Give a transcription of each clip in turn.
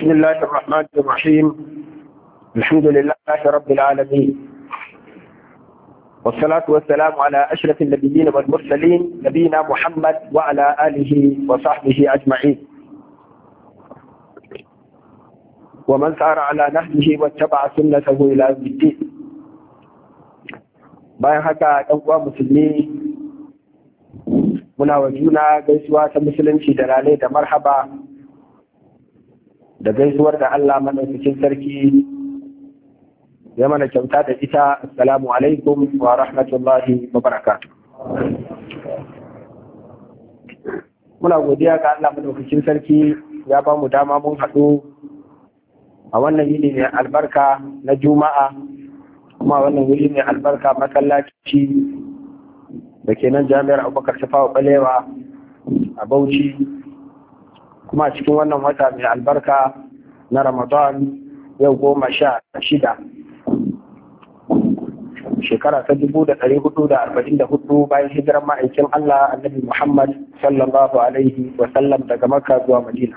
بسم الله الرحمن الرحيم الحمد لله رب العالمين والصلاة والسلام على أشرف النبيين والمرسلين نبينا محمد وعلى آله وصحبه أجمعين ومن سار على نهجه واتبع سنته إلى يوم الدين bayan haka ɗan uwa musulmi muna wa juna gaisuwa ta musulunci da rane da marhaba da gaisuwar da Allah madaukakin sarki ya mana kyauta da ita assalamu alaikum wa rahmatullahi wa barakatuh muna godiya ga Allah madaukakin sarki ya ba mu dama mun haɗu a wannan yini mai albarka na juma'a kuma wannan wuri ne albarka masallaci da ke nan jami'ar abubakar tafawa balewa a bauchi kuma cikin wannan wata mai albarka na ramadan yau goma sha shida shekara ta dubu da ɗari hudu da arba'in da hudu bayan hijirar ma'aikin Allah annabi Muhammad sallallahu alaihi wa sallam daga Makka zuwa Madina.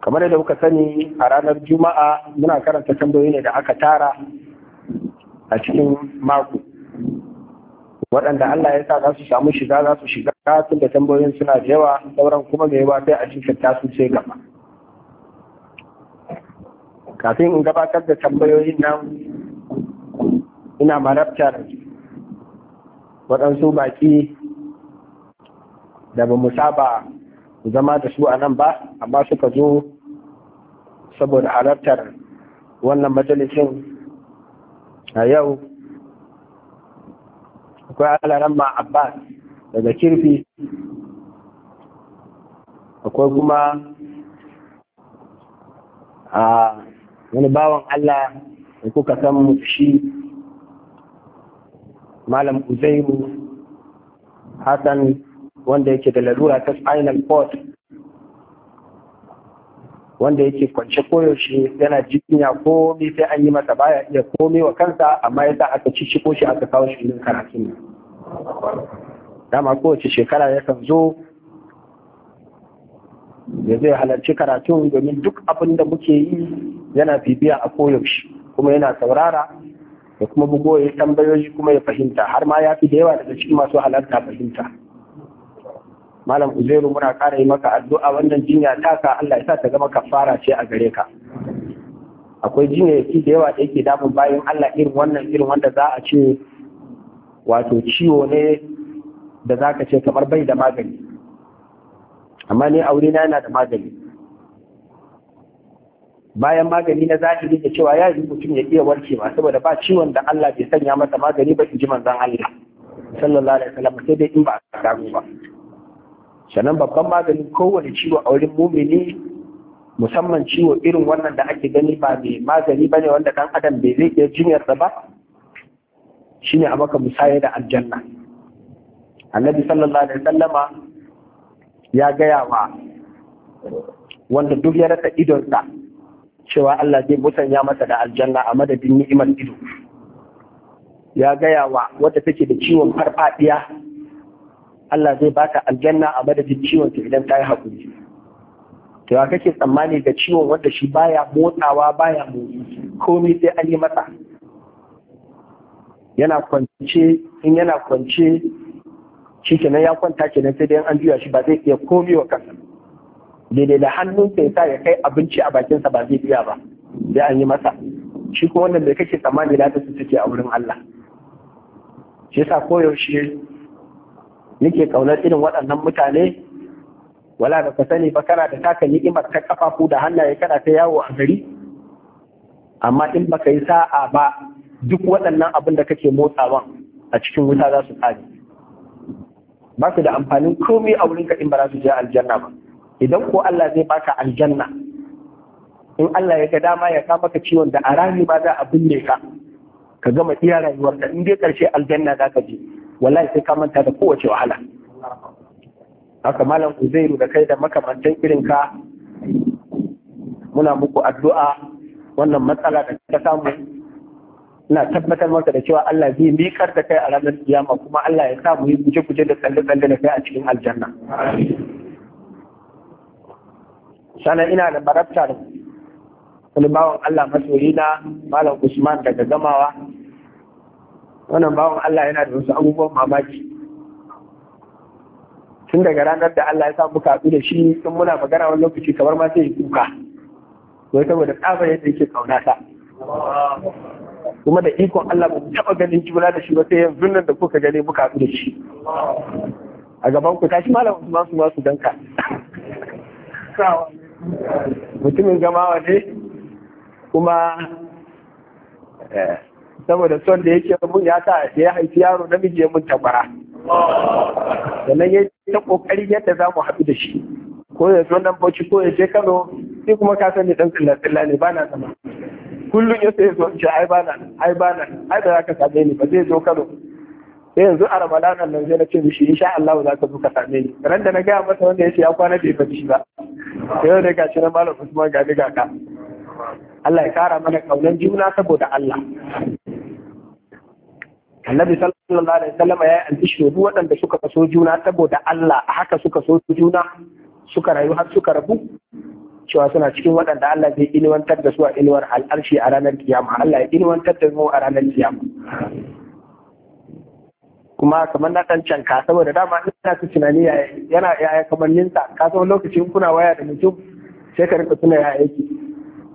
Kamar da kuka sani a ranar Juma'a muna karanta tambayoyi ne da aka tara a cikin mako. waɗanda Allah ya sa za su samu shiga za su shiga tun da tambayoyin suna da yawa sauran kuma mai yawa sai a jinkirta su sai gaba kafin in gabatar da tambayoyin nan ina marabtar waɗansu baƙi da ba mu saba zama da su a nan ba amma suka zo saboda halartar wannan majalisin a yau akwai alaran ma abbas daga kirfi akwai kuma a wani bawan allah da kuka san shi malam uzairu hassan wanda yake da larura ta final port wanda yake kwance koyaushe yana jinya komai sai an yi masa baya iya komai wa kansa amma yasa aka ci shi shi aka kawo shi yin karatun dama kowace shekara kan zo da zai halarci karatu domin duk abin da muke yi yana bibiya a koyaushe kuma yana saurara da kuma bugo ya tambayoyi kuma ya fahimta har ma ya fi da yawa daga cikin masu halarta fahimta malam uzairu muna kara yi maka addu'a wannan jinya taka Allah ya sa ta zama kafara ce a gare ka akwai jinya fi da yawa da yake damun bayan Allah irin wannan irin wanda za a ce wato ciwo ne da za ka ce kamar bai da magani amma ne aure na yana da magani bayan magani na zahiri da cewa ya yi mutum ya iya warke warkewa saboda ba ciwon da Allah bai sanya masa magani ba in ji manzon Allah sallallahu alaihi wasallam sai dai in ba a samu ba sannan babban maganin kowane ciwo a wurin mumini musamman ciwo irin wannan da ake gani ba mai magani bane wanda dan adam bai zai iya da ba ne a maka musaya da aljanna annabi sallallahu alaihi sallama ya gaya wa wanda duk ya rasa idonsa cewa Allah zai musanya masa da aljanna a madadin ni'imar ido ya gaya wa wata take da ciwon farfadiya Allah zai baka aljanna a madadin ciwon ta idan ta yi haƙuri to kake tsammani da ciwon wanda shi baya motsawa baya motsi komai sai an yi masa yana kwance in yana kwance shi kenan ya kwanta kenan sai dai an juya shi ba zai iya komi wa kansa daidai da hannun sai sa ya kai abinci a bakinsa ba zai iya ba sai an yi masa shi kuma wannan da kake tsammani na su suke a wurin Allah shi ko koyaushe nake kaunar irin waɗannan mutane wala da ka sani ba kana da taka ni'imar ta kafafu da hannaye kana ta yawo a gari amma in baka yi sa'a ba duk waɗannan abin da kake motsawa a cikin wuta za su tsari ba su da amfanin komai a wurinka in ba za su je aljanna ba idan ko Allah zai baka aljanna in Allah ya ga dama ya ka maka ciwon da a rami ba za a binne ka ka gama iya rayuwar da in dai karshe aljanna za ka je wallahi sai ka manta da kowace wahala haka malam uzairu da kai da makamantan irin ka muna muku addu'a wannan matsala da ta samu ina tabbatar maka da cewa Allah zai miƙar da kai a ranar kiyama kuma Allah ya sa mu yi guje-guje da tsalle-tsalle da kai a cikin aljanna sannan ina da barabtar wani bawan Allah masoyi na Malam Usman daga gamawa wannan bawan Allah yana da wasu abubuwan mamaki tun daga ranar da Allah ya sa muka haɗu da shi sun muna magana wani lokaci kamar ma sai ya kuka wai saboda tsabar yadda yake ƙaunata. kuma da ikon Allah ba mu ganin juna da shi ba sai yanzu nan da kuka gani muka haɗu da shi a gaban ku tashi malam Usman su masu danka mutumin gamawa ne kuma eh, saboda son da yake mun ya sa ya haifi yaro namiji ya mun tabbara sannan ya ta kokari yadda za mu haɗu da shi ko ya zo nan bauchi ko ya je kano sai kuma ka sani ɗan tsilla tsilla ne ba na zama kullum ya sai zo ce ai bana ai bana ai da zaka same ni ba zai zo Kano sai yanzu a Ramadanan nan zai na ce mishi insha Allah za ka zo ka same ni ran da na gaya masa wanda ya ce ya kwana bai shi ba yau da gashi na malam Usman ga ga ka Allah ya kara mana kaunan juna saboda Allah Annabi sallallahu alaihi wasallam ya yi duk waɗanda suka so juna saboda Allah haka suka so juna suka rayu har suka rabu cewa suna cikin waɗanda Allah zai ilwantar da su a ilwar al'arshi a ranar kiyama Allah ya ilwantar da su a ranar kiyama kuma kamar na ɗan canka saboda dama ina su tunani yana yaya kamar ninsa ka san lokacin kuna waya da mutum sai ka rika tuna yaya yake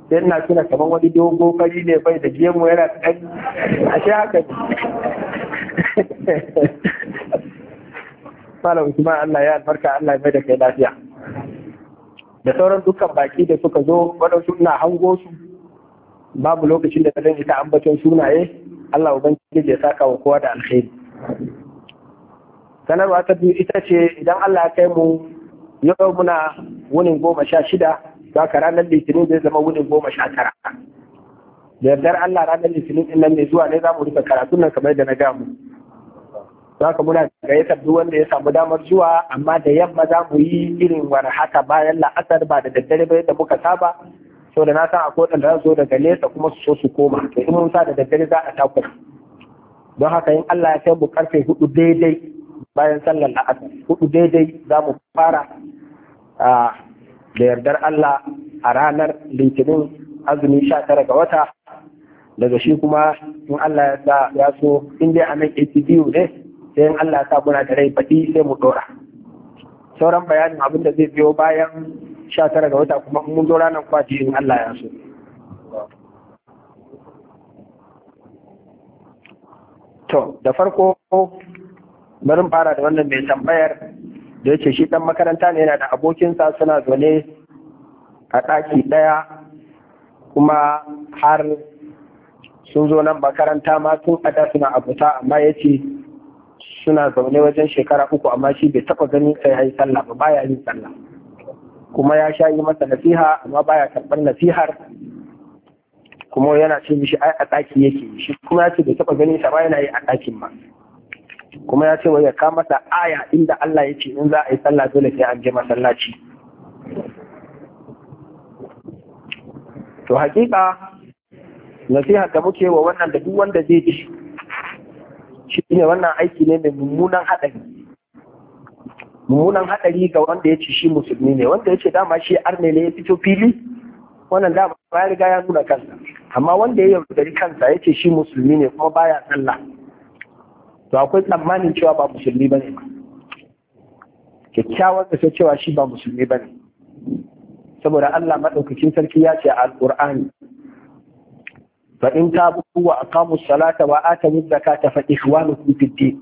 sai ina tuna kamar wani dogo fari ne bai da gemu yana ɗan ashe haka ne Malam ma Allah ya albarka Allah ya bai da kai lafiya. da sauran dukkan baki da suka zo wadda suna hango su babu lokacin da zan ta ambaton sunaye Allah ubangiji ya saka wa kowa da alkhairi. sanarwa ta biyu ita ce idan Allah ya kai mu yau muna wunin goma sha shida za ka ranar litinin zai zama wunin goma sha tara da yardar Allah ranar litinin din nan mai zuwa ne za mu rufe karatun nan kamar da na gamu za ka muna gayyatar duk wanda ya samu damar zuwa amma da yamma za mu yi irin warhata. haka bayan la'asar ba da daddare ba yadda muka saba so da na san akwai waɗanda za su zo daga nesa kuma su so su koma to in mun sa da daddare za a takura don haka in Allah ya kai mu karfe hudu daidai bayan sallar la'asar hudu daidai za mu fara da yardar Allah a ranar litinin azumi sha tara ga wata daga shi kuma in Allah ya so in dai a nan ne sai in Allah sa muna da rai baɗi sai mu dora sauran bayanin abin da zai biyo bayan sha tara ga wata kuma mun zo ranar kwaji in Allah ya so to da farko barin fara da wannan mai tambayar da yake shi ɗan makaranta ne yana da abokinsa suna zaune a ɗaki ɗaya kuma har sun zo nan makaranta ma sun ada suna abuta amma ya suna zaune wajen shekara uku amma shi bai taɓa ganin sai yi sallah ba baya yin sallah kuma ya sha yi masa nasiha amma baya karɓar nasihar kuma yana ce mishi ai a ɗaki yake shi kuma ya ce bai taɓa ganin sa ba yana yi a ɗakin ba kuma ya ce wai ya ka masa aya inda Allah ya ce in za a yi sallah dole sai an je masallaci to hakika nasiha da muke wa wannan da duk wanda zai ji shi ne wannan aiki ne mai mummunan haɗari mummunan haɗari ga wanda ya ce shi musulmi ne wanda ya ce dama shi arne ne ya fito fili wannan dama ya riga ya nuna kansa amma wanda ya yi kansa ya ce shi musulmi ne kuma baya sallah to akwai tsammanin cewa ba musulmi bane ba kyakkyawan da cewa shi ba musulmi bane saboda Allah madaukakin sarki ya ce a Alkur'ani. فإن تابوا وأقاموا الصلاة وآتوا الزكاة فإخوانكم في الدين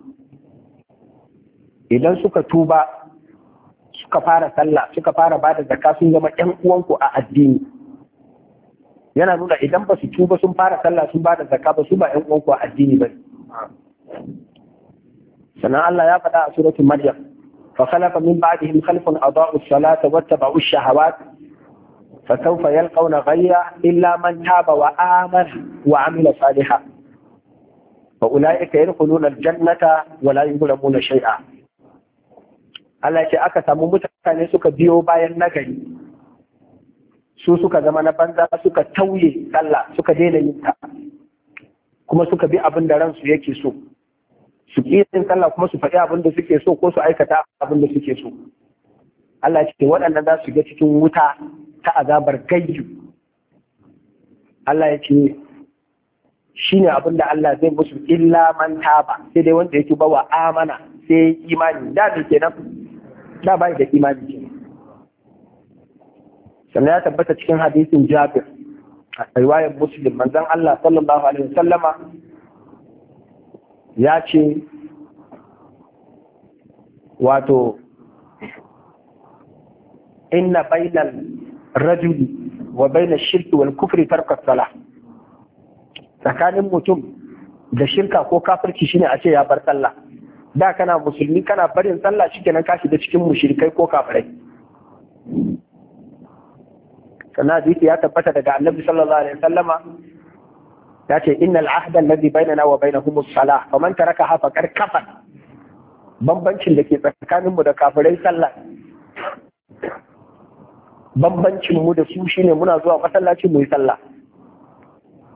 idan suka tuba suka fara sallah suka fara bada da zakka sun zama ƴan uwanku a addini yana nuna idan ba su tuba sun fara sallah sun ba da zakka ba su ba ƴan uwanku a addini ba sannan Allah ya faɗa a suratul maryam fa khalaqa min ba'dihim khalfun adaa'u as-salata wattaba'u ash-shahawati فسوف يلقون غيا إلا من تاب وآمن وعمل صالحا فأولئك يدخلون الجنة ولا يظلمون شيئا Allah ce aka samu mutane suka biyo bayan nagari su suka zama na banza suka tauye sallah suka daina yin ta kuma suka bi abin da ransu yake so su ƙi yin sallah kuma su faɗi abin da suke so ko su aikata abin da suke so Allah ya ce waɗannan za su ga cikin wuta ta azabar gayyu Allah ya ce shi ne abinda Allah zai musu illa man taba sai dai wanda ya tuba wa amana sai imani da me nan, da bai da imani ke sannan ya tabbata cikin hadisin Jabir a riwayar Muslim manzon Allah sallallahu alaihi wasallama ya ce wato inna bainal rajuli wa baina shirki wal kufri tarka salah tsakanin mutum da shirka ko kafirci shine a ce ya bar sallah da kana musulmi kana barin sallah shikenan kashi da cikin mushrikai ko kafirai sannan hadisi ya tabbata daga annabi sallallahu alaihi wasallama ya ce innal ahda alladhi bainana wa bainahum as-salah faman tarakaha faqad kafar bambancin da ke tsakaninmu da kafirai sallah bambancin mu da su shine muna zuwa masallaci mu yi sallah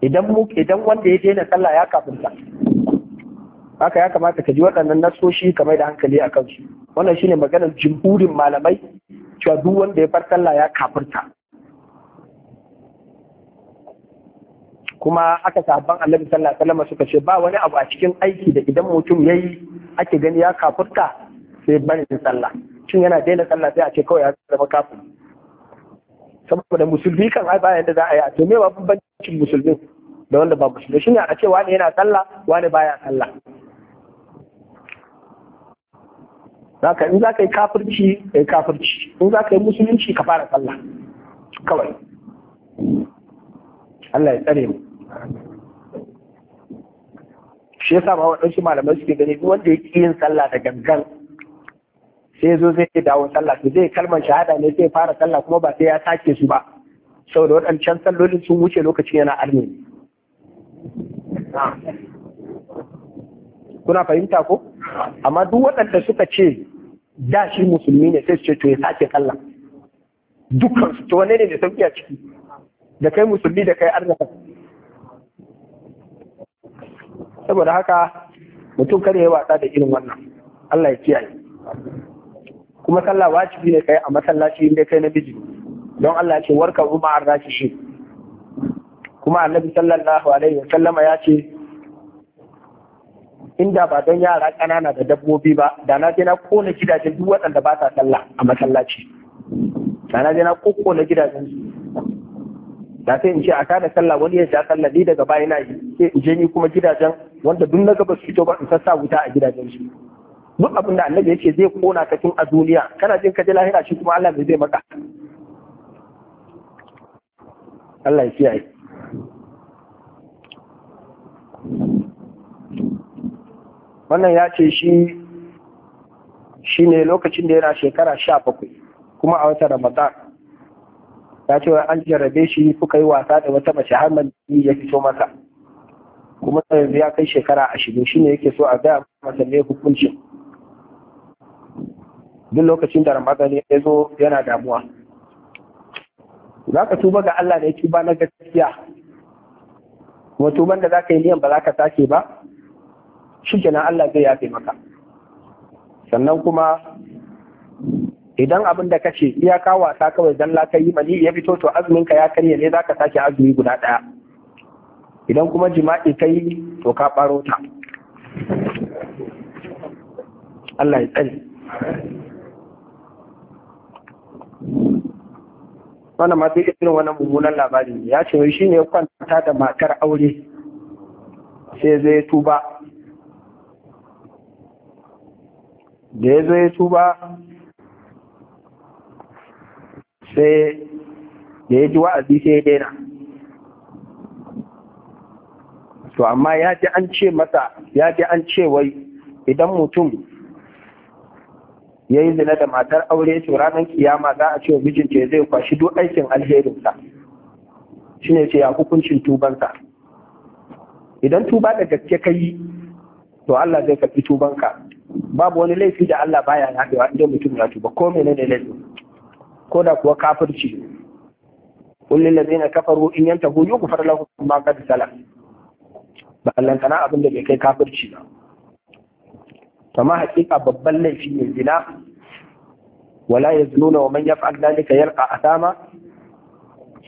idan mu idan wanda ya daina sallah ya kafirta haka ya kamata ka ji waɗannan nasoshi mai da hankali a kansu wannan shine maganar jimhurin malamai cewa duk wanda ya bar sallah ya kafirta kuma aka sabon annabi sallallahu alaihi wasallam suka ce ba wani abu a cikin aiki da idan mutum yayi ake gani ya kafurta sai barin sallah shin yana daina sallah sai a ce kawai ya zama kafin saboda musulmi kan ai bayan da za a yi a to me ba bambancin musulmi da wanda ba musulmi shine a ce wani yana sallah wani baya sallah zaka in zaka yi kafirci kai kafirci in zaka yi musulunci ka fara sallah kawai Allah ya tsare mu shi yasa ma waɗansu malamai suke gani duk wanda ya ƙi yin sallah da gangan sai zo zai dawo sallah to zai kalmar shahada ne zai fara sallah kuma ba sai ya sake su ba saboda waɗancan sallolin sun wuce lokacin yana arme kuna fahimta ko amma duk waɗanda suka ce da shi musulmi ne sai su ce to ya sake sallah dukkan su to wanne ne da sauki a ciki da kai musulmi da kai arzaka saboda haka mutum kare ya wasa da irin wannan Allah ya kiyaye kuma sallah wajibi ne kai a masallaci inda kai namiji don Allah ce warka umma an rashi shi kuma annabi sallallahu alaihi wa sallama ya ce inda ba don yara ƙanana da dabbobi ba da na je na kona gidajen duk waɗanda ba sa sallah a masallaci da na je na kokkona gidajen su da sai in ce a kada sallah wani ya ja sallah ni daga baya na yi sai in je ni kuma gidajen wanda duk na gaba su fito ba in sassa wuta a gidajen su duk abin da annabi yake zai kona ka tun a duniya kana jin ka ji lahira shi kuma Allah zai maka Allah ya kiyaye wannan ya ce shi shi ne lokacin da yana shekara sha bakwai kuma a wata ramadan ya ce wa an jarrabe shi kuka yi wasa da wata mace har ya fito masa kuma yanzu ya kai shekara ashirin shi ne yake so a gaya masa ne hukuncin duk lokacin da ramadan ya zo yana damuwa za ka tuba ga Allah da ya tuba na gaskiya kuma tuban da za ka yi niyan ba za ka sake ba shi kenan Allah zai yafe maka sannan kuma idan abin da kace iyaka wasa kawai dan la yi mani ya fito to azumin ka ya karye ne za ka sake azumi guda ɗaya idan kuma jima'i kai to ka baro ta Allah ya tsare wanda ma sai irin wani mummunan labari ya ce shi ne kwanta da matar aure sai zai tuba da ya zai tuba sai da ya ji wa'azi sai ya daina to amma ya ji an ce masa ya ji an ce wai idan mutum ya yi zina da matar aure to ranar kiyama za a ce wa mijin ce zai kwashi duk aikin alherinsa shi ne ce ya hukuncin tubanka. idan tuba da gaske ka yi to Allah zai karɓi tubanka babu wani laifi da Allah baya haɗewa idan mutum ya tuba ko ne laifi ko da kuwa kafirci قل للذين كفروا إن ينتهوا يغفر لهم ما قد سلف بل abin da bai kai kafirci ba. kama haƙiƙa babban laifi ne zina wala yaznuna wa man yaf'al yarka a asama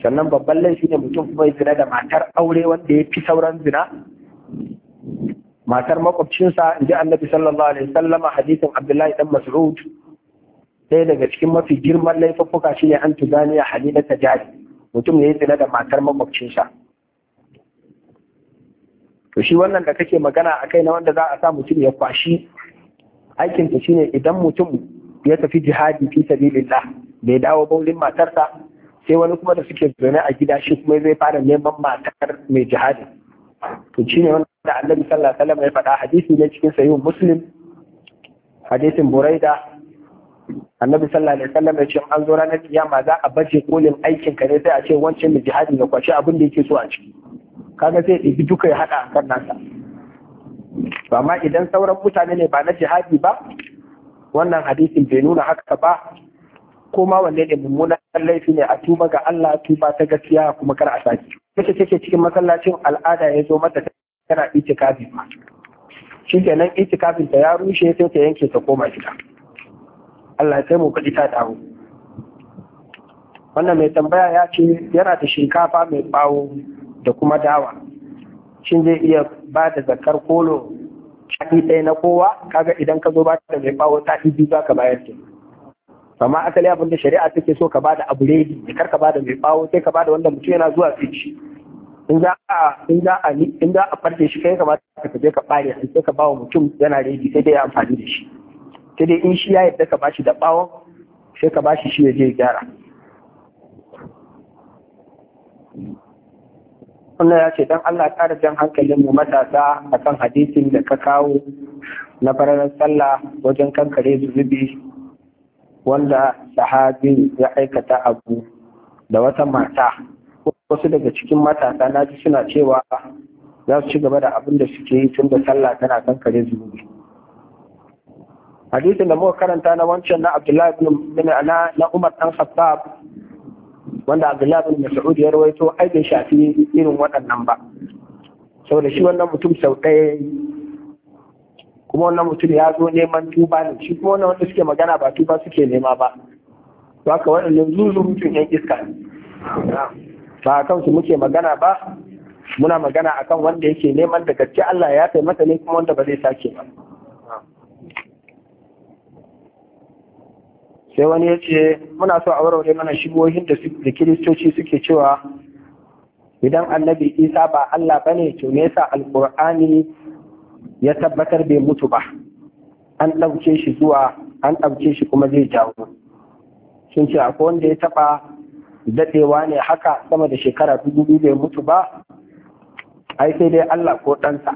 sannan babban laifi ne mutum kuma ya zina da matar aure wanda ya fi sauran zina matar makwabcinsa in ji annabi sallallahu alaihi sallama hadisin abdullahi dan mas'ud Sai daga cikin mafi girman laifuffuka shine an a halila ta jari mutum ya yi zina da matar makwabcinsa to shi wannan da kake magana a kai na wanda za a sa mutum ya kwashi aikin ta shine idan mutum ya tafi jihadi fi sabilillah bai dawo baulin matarsa sai wani kuma da suke zane a gida shi kuma zai fara neman matar mai jihadi to shine wanda Annabi sallallahu alaihi wasallam ya faɗa hadisi ne cikin sahih Muslim hadisin Buraida annabi sallallahu alaihi wasallam ya ce an zo ranar kiyama za a baje kolin aikin ka ne sai a ce wancan mai jihadi na kwashi abin da yake so a ciki kaga sai ɗibi duka ya haɗa a kan nasa ma idan sauran mutane ne ba na jihadi ba wannan hadisin bai nuna haka ba kuma wanne ne mummunan laifi ne a tuba ga Allah tuba ta gaskiya kuma kar a saki kace kace cikin masallacin al'ada ya zo mata tana itikafi shi kenan itikafin ta ya rushe sai ta yanke ta koma gida Allah sai mu kudi ta dawo wannan mai tambaya ya ce yana da shinkafa mai bawo da kuma dawa shin zai iya ba da zakar kolo shaɗi ɗaya na kowa kaga idan ka zo ba ta mai bawo ta biyu za ka bayar ta amma asali abin da shari'a take so ka ba da abu redi da kar ka ba da mai bawo sai ka ba da wanda mutum yana zuwa fici in za a in za a in za a farke shi kai kamata ka je ka bare shi sai ka ba wa mutum yana redi sai dai ya amfani da shi sai dai in shi ya yadda ka ba shi da bawon sai ka ba shi shi ya je gyara wannan ya ce don Allah ƙara jan hankalin mu matasa akan hadisin da ka kawo na fararen sallah wajen kankare zunubi wanda sahabin ya aikata abu da wata mata wasu daga cikin matasa na ji suna cewa za su ci gaba da abin da suke yi tun da sallah tana kankare zunubi hadisin da muka karanta na wancan na Abdullahi bin na Umar dan Khattab wanda Abdullahi bin Mas'ud ya rawaito ai bai shafi irin waɗannan ba saboda shi wannan mutum sau ɗaya kuma wannan mutum ya zo neman tuba ne shi kuma wannan wanda suke magana ba tuba suke nema ba to haka waɗannan mutum yan iska ne ba a kansu muke magana ba muna magana akan wanda yake neman da gaske Allah ya taimaka ne kuma wanda ba zai sake ba sai wani ya ce muna so a warware mana shigohin da kiristoci suke cewa idan annabi isa ba allah ba ne to me yasa alkur'ani ya tabbatar bai mutu ba an ɗauke shi zuwa an ɗauke shi kuma zai jawo sun ce akwai wanda ya taɓa daɗewa ne haka sama da shekara dubu biyu bai mutu ba ai sai dai allah ko ɗansa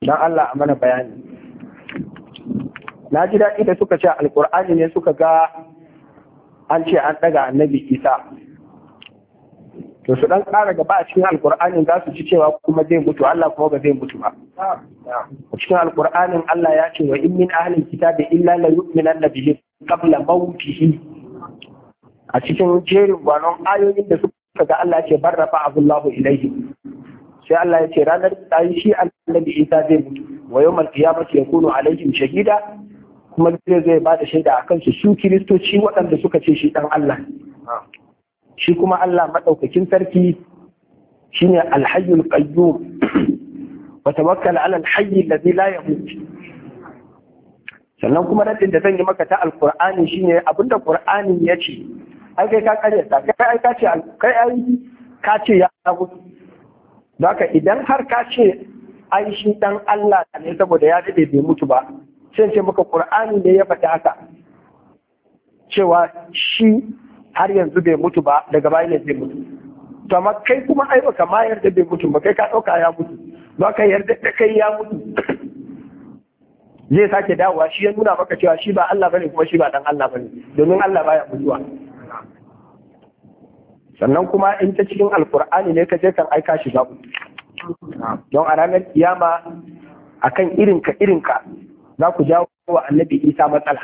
don allah a mana bayani na ji daɗi da suka ce alƙur'ani ne suka ga an ce an ɗaga annabi isa to su ɗan ƙara gaba a cikin alƙur'anin za su ci cewa kuma zai mutu Allah kuma ba zai mutu ba a cikin alƙur'anin Allah ya ce wa in min ahlil kitabi illa la yu'minanna bihi qabla mawtihi a cikin jerin gwanon ayoyin da suka ga Allah ce bar rafa Allahu ilaihi sai Allah ya ce ranar tsayi shi annabi Isa zai mutu wa yawmal qiyamati yakunu alaihim shahida kuma zai zai ba da shaida a kansu su kiristoci waɗanda suka ce shi ɗan Allah shi kuma Allah maɗaukakin sarki shine alhayyul qayyum wa tawakkal ala alhayy alladhi la yamut sannan kuma raddin da zan yi maka ta alqur'ani shine abinda ƙur'ani ya ce ai kai ka karyata kai ai ka ce kai ai ka ce ya mutu haka idan har ka ce ai shi ɗan Allah ne saboda ya dade bai mutu ba sai ce maka ƙura'ani ne ya faɗi haka cewa shi har yanzu bai mutu ba daga bayan ne zai mutu to amma kai kuma ai baka ma yarda bai mutu ba kai ka ɗauka ya mutu ba ka yarda da kai ya mutu zai sake dawowa shi ya nuna maka cewa shi ba Allah bane kuma shi ba dan Allah bane domin Allah baya mutuwa sannan kuma in ta cikin alkur'ani ne ka je kan aika shi zabu don a ranar kiyama akan irinka irinka za ku jawo wa annabi isa matsala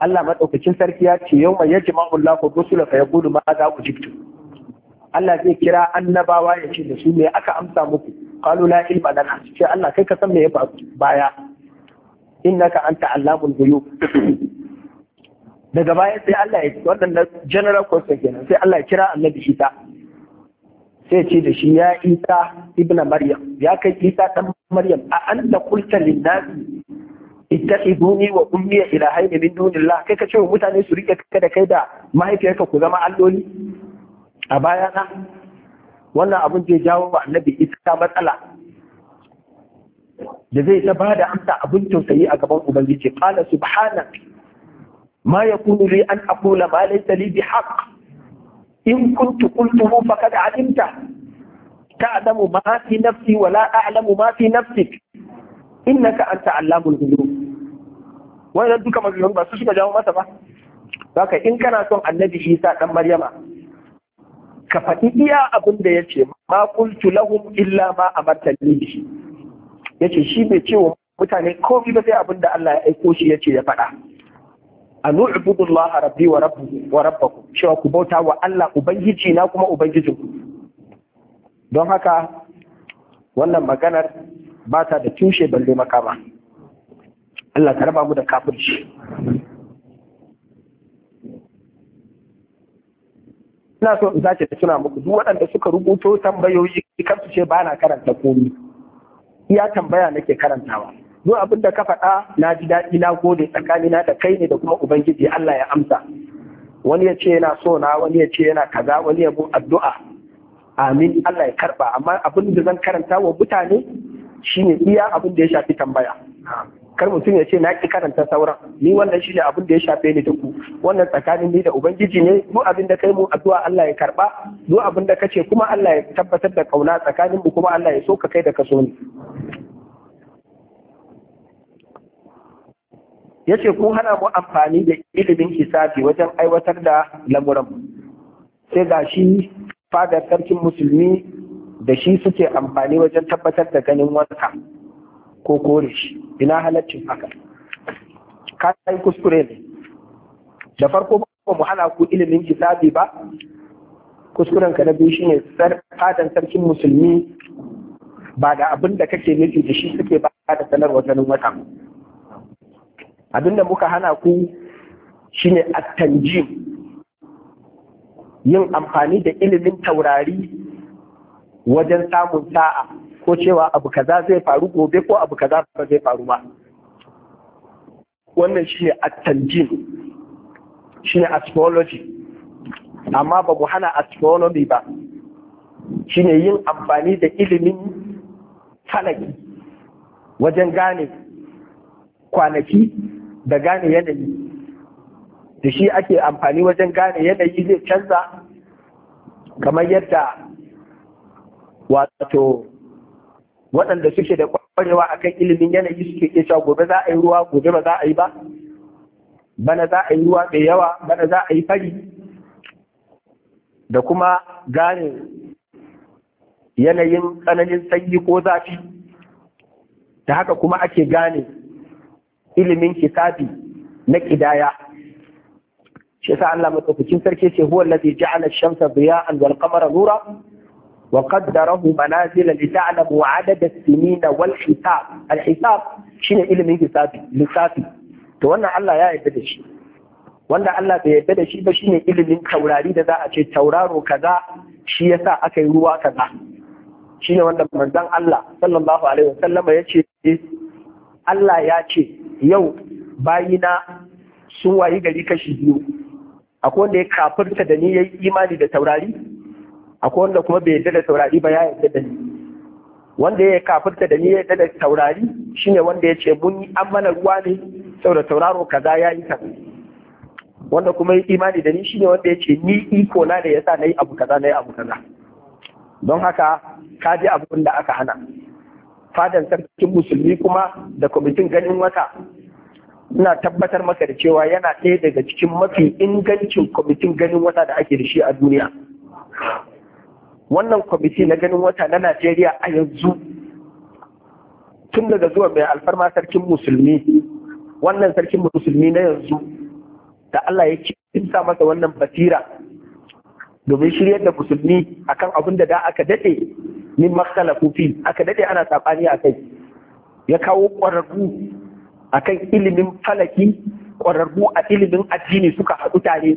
Allah matsaukacin sarki ya ce yau mai yaji ma'ullahu rusula fa gudu ma za ku jiktu Allah zai kira annabawa ya ce da su me aka amsa muku qalu la ilma lana ce Allah kai ka san me ya faru baya innaka anta allamul ghuyub daga baya sai Allah ya ce wannan general question kenan sai Allah ya kira annabi Isa sai ce da shi ya isa ibn maryam ya kai isa dan maryam a anta qulta lin nasi ittakhiduni wa ummi ilahaini min dunillah kai ka ce wa mutane su rike ka da kai da mahaifiyarka ku zama alloli a baya na wannan abin zai jawo wa annabi isa matsala da zai ta bada amsa abin tausayi a gaban ubangiji qala subhanak ma yakunu li an aqula ma laysa li bihaqq in kuntu fa faqad alimta ta, ma fi nafsi wala a'lamu ma fi nafsik innaka anta allamul ghuyub wannan duka mabiyan ba su suka jawo masa ba haka in kana son annabi Isa dan Maryama ka faɗi iya abin da ya ma qultu lahum illa ma amartani bihi yace shi bai ce wa mutane bi ba sai abin da Allah ya aiko shi yace ya faɗa an ubudu Allah rabbi wa rabbi wa rabbakum cewa ku bauta wa Allah ubangiji na kuma ku. don haka wannan maganar ba ta da tushe balle makama Allah ta raba mu da kafirci ina so in zace ta tuna muku duk waɗanda suka rubuto tambayoyi kan su ce ba na karanta komi iya tambaya nake karantawa zo abin da ka faɗa na ji daɗi na gode tsakanina da kai ne da kuma ubangiji Allah ya amsa wani ya ce yana so na wani ya ce yana kaza wani ya bu addu'a amin Allah ya karba amma abin da zan karanta wa mutane shine iya abin da ya shafi tambaya kar mutum ya ce na ki karanta sauran ni wannan shine abin da ya shafe ni da ku wannan tsakanin ni da ubangiji ne duk abin da kai mu addu'a Allah ya karba duk abin da kace kuma Allah ya tabbatar da kauna tsakanin mu kuma Allah ya so ka kai da ka so ni ya ce kun hana mu amfani da ilimin hisabi wajen aiwatar da lamuran sai ga shi fadar sarkin musulmi da shi suke amfani wajen tabbatar da ganin wata ko kore shi ina halaccin haka ka yi kuskure ne da farko ba mu hana ku ilimin hisabi ba kuskuren ka na biyu ne fadan sarkin musulmi ba da abin da kake nufi da shi suke ba da sanarwa ganin wata abinda muka hana ku shine at yin amfani da ilimin taurari wajen samun sa'a ko cewa abu kaza zai faru gobe ko abu kaza ba zai faru ba wannan shine at shine astrology amma ba mu hana astronomy ba shine yin amfani da ilimin falaki wajen gane kwanaki da gane yanayi da shi ake amfani wajen gane yanayi zai canza kamar yadda wato waɗanda suke da a kan ilimin yanayi suke ke cewa gobe za a yi ruwa gobe ba za a yi ba bana za a yi ruwa mai yawa bana za a yi fari da kuma gane yanayin tsananin sanyi ko zafi da haka kuma ake gane ilimin hisabi na kidaya shi sa Allah madaukakin sarki ce huwa allazi ja'ala ash-shamsa diya'an wal qamara nura wa qaddarahu manazila li ta'lamu 'adada as-sinina wal hisab al-hisab shine ilimin hisabi lissafi to wannan Allah ya yarda da shi wanda Allah bai yarda da shi ba shine ilimin taurari da za a ce tauraro kaza shi yasa aka yi ruwa kaza shine wanda manzon Allah sallallahu alaihi wasallam ya ce Allah ya ce yau bayina sun wayi gari kashi biyu akwai wanda ya kafirta da ni ya yi imani da taurari akwai wanda kuma bai yarda da taurari ba ya yi da ni wanda ya kafirta da ni ya yarda da taurari shine wanda ya ce mun yi mana ruwa ne saboda tauraro kaza ya yi kaza wanda kuma yi imani da ni shine wanda ya ce ni iko na da sa na yi abu kaza na yi abu kaza don haka ka ji abin da aka hana fadan sarkin musulmi kuma da kwamitin ganin wata ina tabbatar maka da cewa yana ɗaya daga cikin mafi ingancin kwamitin ganin wata da ake da shi a duniya wannan kwamiti na ganin wata na najeriya a yanzu tun daga zuwa mai alfarma sarkin musulmi wannan sarkin musulmi na yanzu da allah ya sa masa wannan basira domin shirya da musulmi akan abin da da aka daɗe min makhtalafu kufi aka dade ana sabani akai ya kawo ƙwararru akan ilimin falaki ƙwararru a ilimin addini suka haɗu tare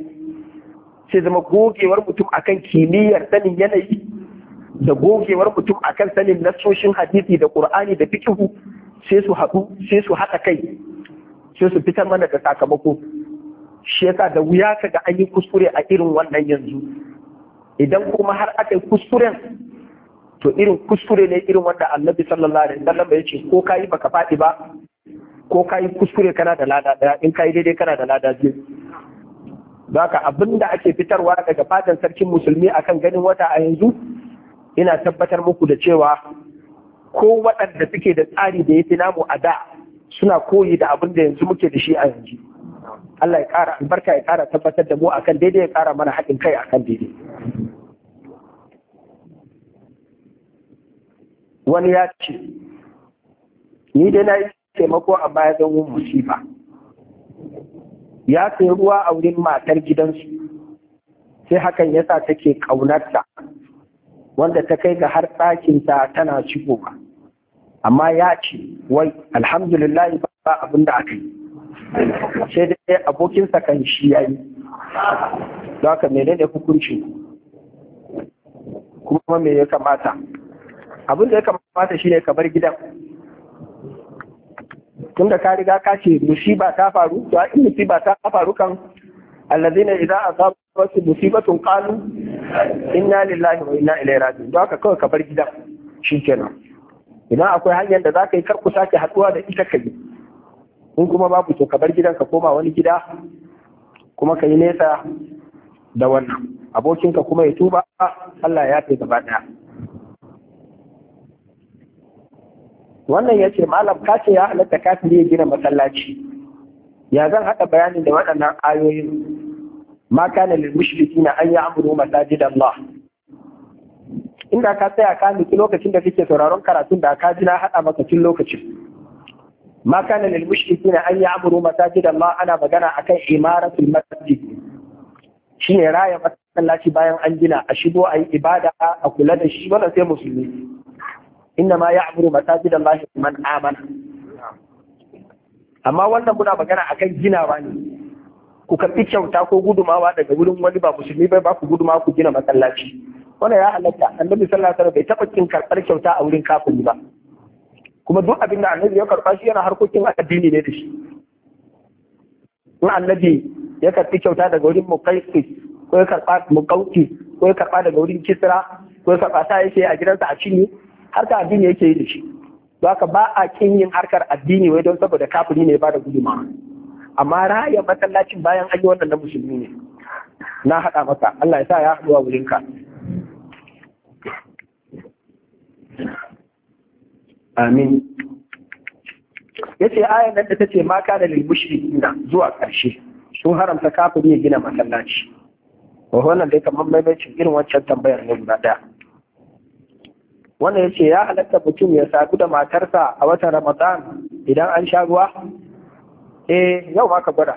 sai zama gogewar mutum akan kimiyyar sanin yanayi da gogewar mutum akan sanin nasoshin hadisi da ƙur'ani da fikihu sai su haɗu sai su haɗa kai sai su fitar mana da sakamako shi yasa da wuya ka ga an yi kuskure a irin wannan yanzu idan kuma har aka yi kuskuren to irin kuskure ne irin wanda annabi sallallahu alaihi wasallam ya ce ko kayi baka faɗi ba ko kayi kuskure kana da lada daya in kayi daidai kana da lada biyu baka abinda ake fitarwa daga fadan sarkin musulmi akan ganin wata a yanzu ina tabbatar muku da cewa ko waɗanda suke da tsari da ya fi namu a da suna koyi da abin da yanzu muke da shi a yanzu Allah ya kara albarka ya ƙara tabbatar da mu akan daidai ya kara mana haɗin kai akan daidai wani ya ce ni dai na yi taimako a baya don musifa ya sayi ruwa a wurin matar gidansu sai hakan ya yasa take ƙaunarta wanda ta kai ga har ɗakinta tana shigowa amma ya ce wai alhamdulillah ba abin da aka yi sai dai abokinsa kan shi ya yi don haka menene hukuncin kuma me ya kamata abin da ya kamata ne ka bar gidan tun da ka riga ka ce musiba ta faru to in musiba ta faru kan allazina idza asabatu musibatun qalu inna lillahi wa inna ilaihi raji'un don haka kawai ka bar gidan shi kenan. idan akwai hanyar da zaka yi kar ku sake haduwa da ita ka yi in kuma babu to ka bar gidan ka koma wani gida kuma ka yi nesa da wannan abokinka kuma ya tuba Allah ya fi gaba ɗaya. wannan ya ce malam ka ce ya halatta kafiri ya gina masallaci ya zan haɗa bayanin da waɗannan ayoyin ma kana lil mushrikina an ya'budu masajid Allah inda ka tsaya ka miki lokacin da kake sauraron karatun da ka ji na haɗa maka tun lokacin ma kana lil mushrikina an ya'budu masajid Allah ana magana akan imaratul masjid shine raya masallaci bayan an gina a shigo ayi ibada a kula da shi wannan sai musulmi inna ma ya'muru masajid Allah man amana amma wannan muna magana akan ginawa ne ku karɓi kyauta ko gudumawa daga wurin wani ba musulmi bai ba ku gudumawa ku gina masallaci wannan ya halatta annabi sallallahu alaihi wasallam bai taɓa kin karɓar kyauta a wurin kafiri ba kuma duk abin da annabi ya karɓa shi yana harkokin addini ne da shi in annabi ya karɓi kyauta daga wurin muqaisi ko ya karɓa Mukauki ko ya karɓa daga wurin kisra ko ya karɓa ta yake a gidansa a cinye harkar addini yake yi da shi haka ba a kin yin harkar addini wai don saboda kafiri ne ba da guduma amma raya masallacin bayan an yi wannan na musulmi ne na haɗa maka Allah ya sa ya haɗuwa ka. amin ya ce ayan nan da ta ce maka da lilmushrikina zuwa ƙarshe sun haramta kafiri ya gina masallaci wannan dai kamar maimaicin irin wancan tambayar ne guda ɗaya wannan ya ce ya halatta mutum ya sadu da matarsa a watan ramadan idan an sha ruwa eh yau ma ka gwada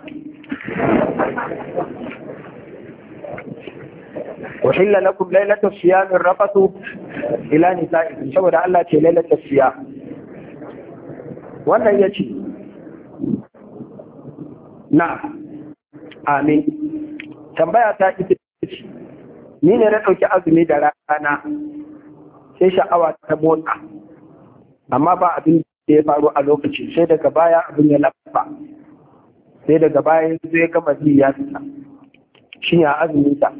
وحل لكم ليلة الصيام Ila إلى نسائكم saboda Allah ce ليلة الصيام wannan ya ce na amin tambaya ta ita ce ni ne na ɗauki azumi da rana sai sha'awa ta motsa amma ba abin da ya faru a lokaci sai daga baya abin ya lafa sai daga baya zai gama ji ya fita shi ne a azumin sa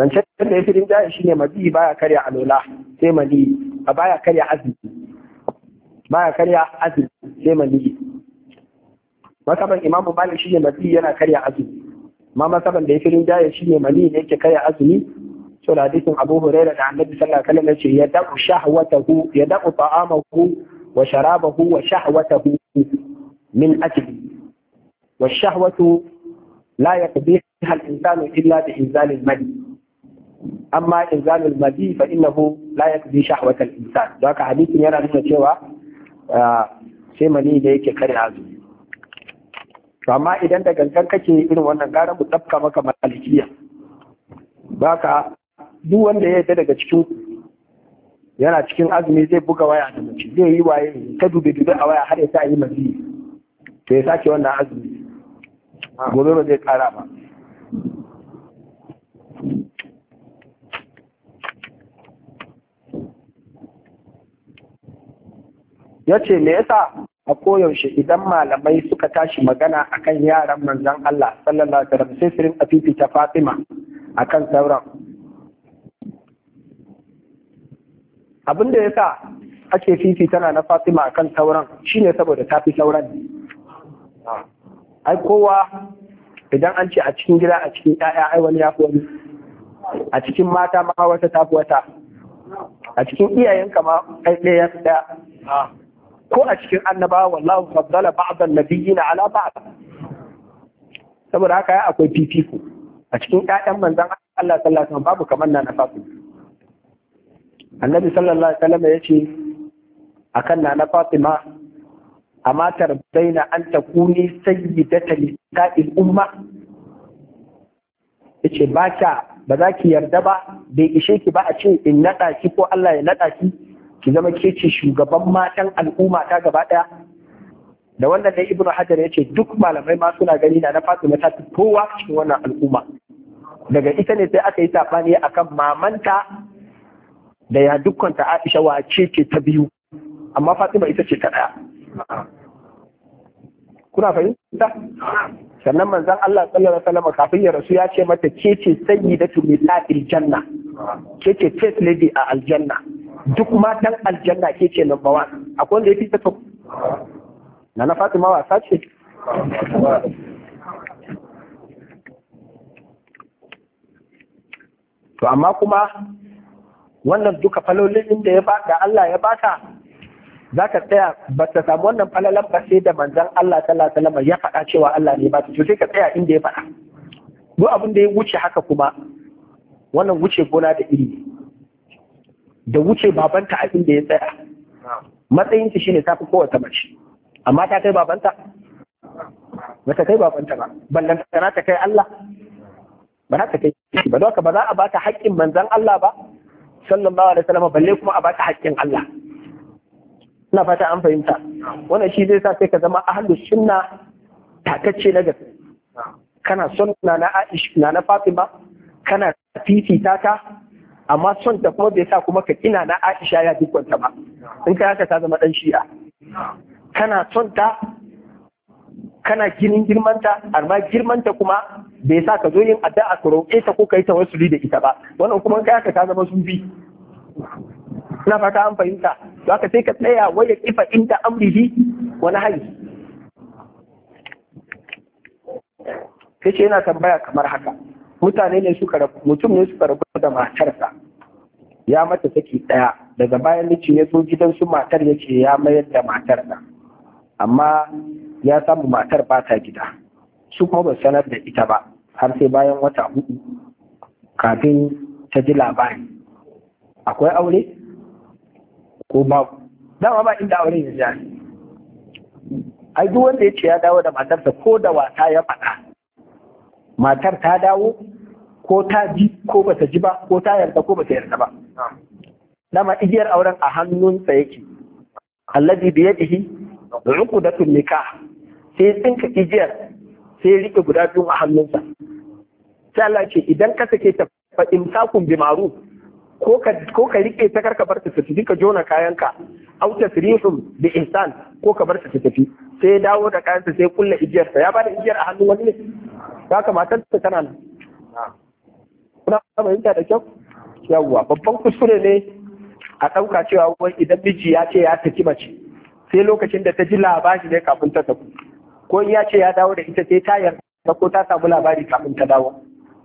zance da ya fi rinjaye shi ne mabi baya karya alola sai mali a baya karya azumi baya karya azumi sai mali masaban imamu malik shi ne mabi yana karya azumi ma masaban da ya fi rinjaye shi ne mali ne yake karya azumi saboda hadisin Abu Hurairah da Annabi sallallahu alaihi wasallam yace yad'u shahwatahu yad'u ta'amahu wa sharabahu wa shahwatahu min ajli wa shahwatu la yaqdiha al-insanu illa bi inzal al-mali amma inzal al-mali fa innahu la yaqdi shahwata al-insan ka hadisin yana nuna cewa ah, sai mani da yake kare azumi to amma idan da gangan kake irin wannan gara mu tafka maka malikiya baka duk wanda ya yi daga cikin yana cikin azumi zai buga waya da mace zai yi waye ta dube dube a waya har ya sa yi mazi to ya sake wannan azumi gobe ba zai kara ba ya ce me yasa a koyaushe idan malamai suka tashi magana akan yaran manzan Allah sallallahu alaihi wasallam sai su rinka fifita Fatima akan sauran abin da ya sa ake tana na Fatima akan sauran shine saboda ta fi sauran ai kowa idan an ce a cikin gida a cikin ƴaƴa ai wani ya fi wani a cikin mata ma wata ta fi wata a cikin iyayenka ma ai ɗaya ɗaya ko a cikin annabawa wallahu faddala ba'dan nabiyina ala ba'd saboda haka ya akwai fifiko a cikin ƴaƴan manzon Allah sallallahu alaihi wasallam babu kamar na Fatima annabi sallallahu alaihi wasallam ya ce akan na Fatima amma baina an takuni sayyidata lisa'il umma yace ba ta ba za ki yarda ba bai ishe ki ba a ce in nada ki ko Allah ya nada ki ki zama ke ce shugaban matan al'umma ta gaba daya da wannan dai ibnu hajar yace duk malamai ma suna gani na na Fatima ta kowa cikin wannan al'umma daga ita ne sai aka yi sabani akan mamanta da ya dukkan ta Aisha wace ce ta biyu amma Fatima ita ce ta ɗaya kuna fahimta sannan manzon Allah sallallahu alaihi wasallam kafin ya rasu ya ce mata ke ce sayyidatu misail janna ke ce first lady a aljanna duk matan aljanna ke ce number one akwai wanda ya fi ta to na na Fatima wasa ce to amma kuma wannan duka falolin inda ya da Allah ya baka ka tsaya ba ta samu wannan falalan ba sai da manzan Allah sallallahu alaihi ya faɗa cewa Allah ne ba to sai ka tsaya inda ya faɗa duk abin da ya wuce haka kuma wannan wuce gona da iri da wuce babanta a inda ya tsaya matsayin matsayinta shine tafi kowace mace amma ta kai babanta ba ta kai babanta ba ballan ta kai Allah ba za ta kai ba ba za a ta haƙƙin manzan Allah ba sallallahu alaihi wasallam balle kuma a baka haƙƙin Allah ina fata an fahimta wannan shi zai sa sai ka zama ahlus sunna takacce na gaske kana son na na Aisha na na Fatima kana fifita ta amma son ta kuma bai sa kuma ka kina na Aisha ya dukkanta ba in ka haka ta zama dan shi'a kana son ta kana ginin girmanta amma girmanta kuma bai sa ka zo yin addu'a ka roƙe ta ko kai tawassuli da ita ba wannan kuma kai aka ka zama sufi ina fata an fahimta to aka sai ka tsaya waya kifa inda amrihi wani hali sai yana tambaya kamar haka mutane ne suka rabu mutum ne suka rabu da matarsa ya mata saki ɗaya daga bayan miji ya zo gidan su matar yake ya mayar da matar amma ya samu matar ba ta gida su kuma ba sanar da ita ba har sai bayan wata hudu kafin ta ji labari akwai aure ko ba dama ba inda aure ya jari ai duk wanda ya ce ya dawo da matarsa ko da wata ya faɗa matar ta dawo ko ta ji ko ba ta ji ba ko ta yarda ko ba ta yarda ba dama igiyar auren a hannunsa yake alladhi bi yadihi uqdatun nikah sai tsinka igiyar sai ya riƙe guda biyu a hannunsa sai Allah ce idan ka sake ta fa sakun bi maru ko ka ko riƙe ta karka bar ta tafi ka jona kayanka aw tasrihum bi ihsan ko ka bar ta tafi sai ya dawo da kayansa sai ya kulla igiyarsa ya bada igiyar a hannun wani ne haka matar ta tana nan kuna fahimta da kyau yawwa babban kuskure ne a ɗauka cewa wani idan miji ya ce ya tafi mace sai lokacin da ta ji labari ne kafin ta tafi ko ya ce ya dawo da ita sai ta yarda ko ta samu labari kafin ta dawo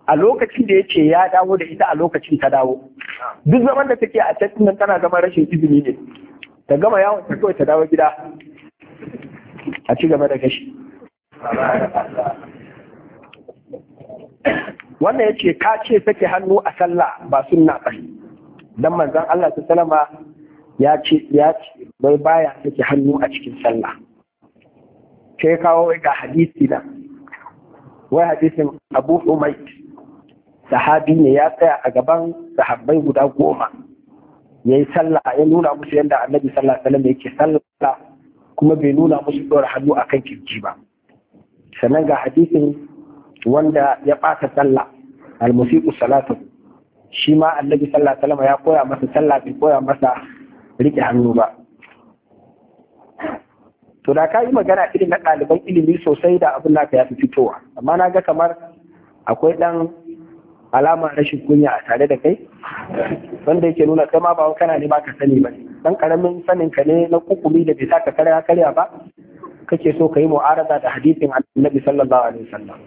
a lokacin da ya ce ya dawo da ita a lokacin ta dawo duk zaman da take a can nan tana zama rashin izini ne ta gama yawon ta kawai ta dawo gida a ci gaba da kashi wannan ya ce ka ce sake hannu a sallah ba sunna ba dan manzon Allah ta salama ya ce ya ce bai baya sake hannu a cikin sallah sai kawo ga hadisi na wai hadisin abu umai sahabi ne ya tsaya a gaban sahabbai guda goma ya yi sallah ya nuna musu yadda annabi sallah salama yake sallah kuma bai nuna musu ɗora hannu a kan kirji ba sannan ga hadisin wanda ya ɓata sallah almusiku salatu shi ma annabi sallah salama ya koya masa sallah bai koya masa riƙe hannu ba to da ka yi magana irin na ɗaliban ilimi sosai da abin naka ya fi fitowa amma na ga kamar akwai ɗan alama rashin kunya a tare da kai wanda yake nuna kai ma ba kana ne ba ka sani ba dan karamin sanin ka ne na kukumi da bai saka karya karya ba kake so ka yi mu'arada da hadisin annabi sallallahu alaihi wasallam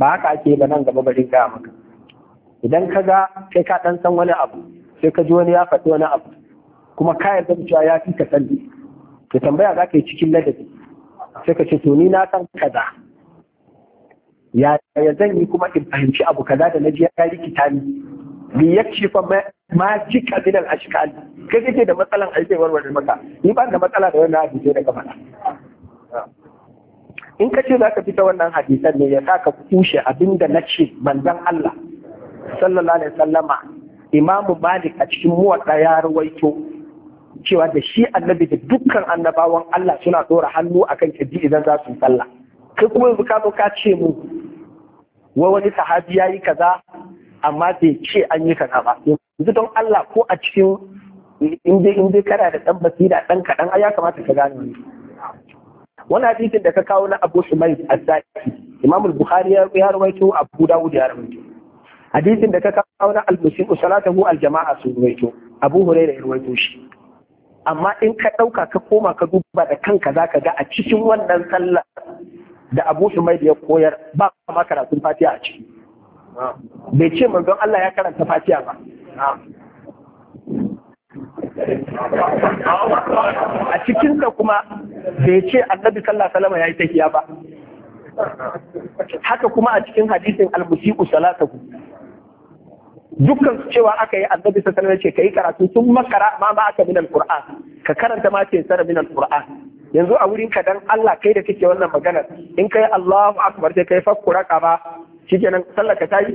ba haka ake ba nan gaba bari ga maka idan ka ga kai ka dan san wani abu sai ka ji wani ya faɗi wani abu kuma ka yarda cewa ya fi ka sani Da tambaya za ka yi cikin ladabi sai ka ce to ni na san kaza ya zan yi kuma in fahimci abu kaza da na ji ya rikita ni bi ya ci fa ma ci al-ashkal kai kake da matsalan aiki warware maka ni ba da matsala da wannan hadisi da kafa in ka ce za ka fita wannan hadisan ne ya sa ka kushe abinda na ce manzon Allah sallallahu alaihi wasallama imamu malik a cikin muwatta ya rawaito cewa da shi annabi da dukkan annabawan Allah suna ɗora hannu akan kaji idan za su yi sallah kai kuma yanzu ka zo ka ce mu wai wani sahabi ya yi kaza amma bai ce an yi kaza ba yanzu don Allah ko a cikin inda dai in ɗan kana da dan basira dan kaɗan ai ya kamata ka gane wani wani hadisin da ka kawo na Abu Shumayl Az-Zaki Imam Bukhari ya rawaito Abu Dawud ya rawaito hadisin da ka kawo na al-muslim salatahu al-jama'a sun ruwaito abu hurairah ya ruwaito shi amma in ka ɗauka ka koma ka duba da kanka za ka ga a cikin wannan sallar da abu mai da ya koyar ba ma karatun fatiha a ciki bai ce manzon Allah ya karanta fatiha ba a cikinsa kuma bai ce annabi sallah salama ya yi tahiya ba haka kuma a cikin hadisin al musiqu salatahu dukkan cewa aka yi annabi sallallahu alaihi ce yi karatu sun makara ma ba aka min alquran ka karanta ma ce sara min alquran yanzu a wurin ka dan Allah kai da kake wannan magana in kai Allahu akbar sai kai fakkura ka ba shikenan sallar ka tayi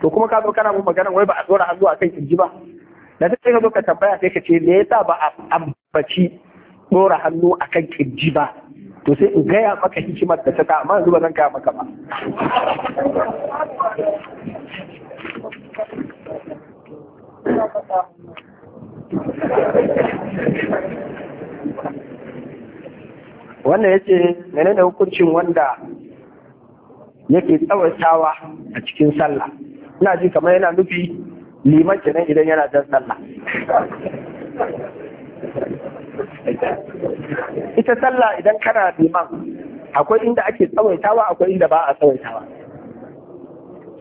to kuma ka zo kana mun magana wai ba a dora hannu akan kirji ba da sai ka zo ka tambaya sai ka ce me yasa ba a ambaci dora hannu akan kirji ba to sai in gaya maka hikimar da ta ta amma yanzu zan gaya maka ba wannan yace da hukuncin wanda yake tsawaitawa a cikin sallah ina ji kamar yana nufi liman kenan idan yana jan sallah ita sallah idan kana liman akwai inda ake tsawaitawa akwai inda ba a tsawaitawa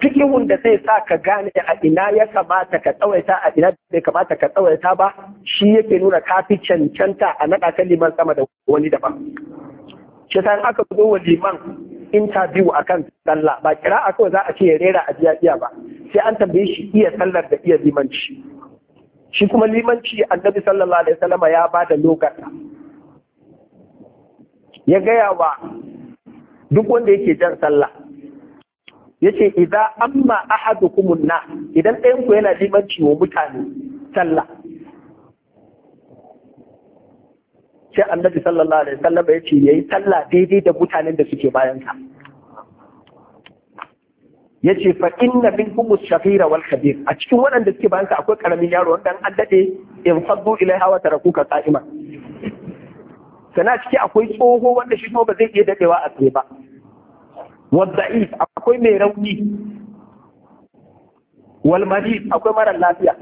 fikihun da zai sa ka gane a ina ya kamata ka tsawaita a ina bai kamata ka tsawaita ba shi yake nuna kafi cancanta a naɗa kan liman sama da wani daban shi sa aka zo wa liman interview akan sallah ba kira a kawai za a ce ya rera a jiya ba sai an tambaye shi iya sallar da iya limanci shi kuma limanci annabi sallallahu alaihi wasallama ya ba da lokaci ya gaya wa duk wanda yake jan sallah yace idan amma ahadukum na idan ɗayan ku yana limanci wa mutane sallah sai annabi sallallahu alaihi wasallama yace yayi sallah daidai da mutanen da suke bayan sa ya ce fa inna min humus shafira wal khabir a cikin waɗanda suke bayanka akwai karamin yaro wanda an daɗe in faddu ilai hawa tara kuka ka'ima sana ciki akwai tsoho wanda shi ba zai iya daɗewa a tsaye ba wadda'if akwai mai rauni wal mari akwai mara lafiya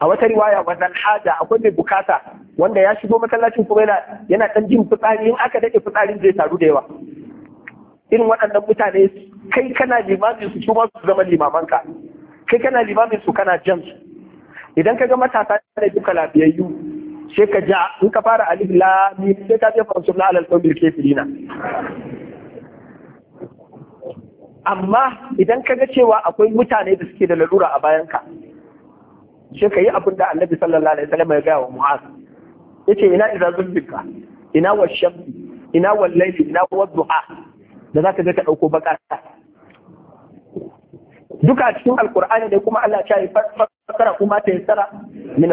a wata riwaya wadda haja akwai mai bukata wanda ya shigo masallacin kuma yana ɗan jin fitsari in aka daɗe fitsarin zai taru da yawa irin waɗannan mutane kai kana limamin su su su zama limamanka kai kana limamin su kana jan idan ka ga matasa da duka lafiyayyu sai ka ja in ka fara alif lami sai ka je fansu na alal filina amma idan ka ga cewa akwai mutane da suke da lalura a bayanka sai ka yi abin da annabi sallallahu alaihi wasallam ya gaya wa mu'az yace ina idza zulbika ina wa ina wal ina da za ka je ka ɗauko baƙa duka cikin Alƙur'ani ne kuma Allah ya yi fassara kuma ta yi tsara min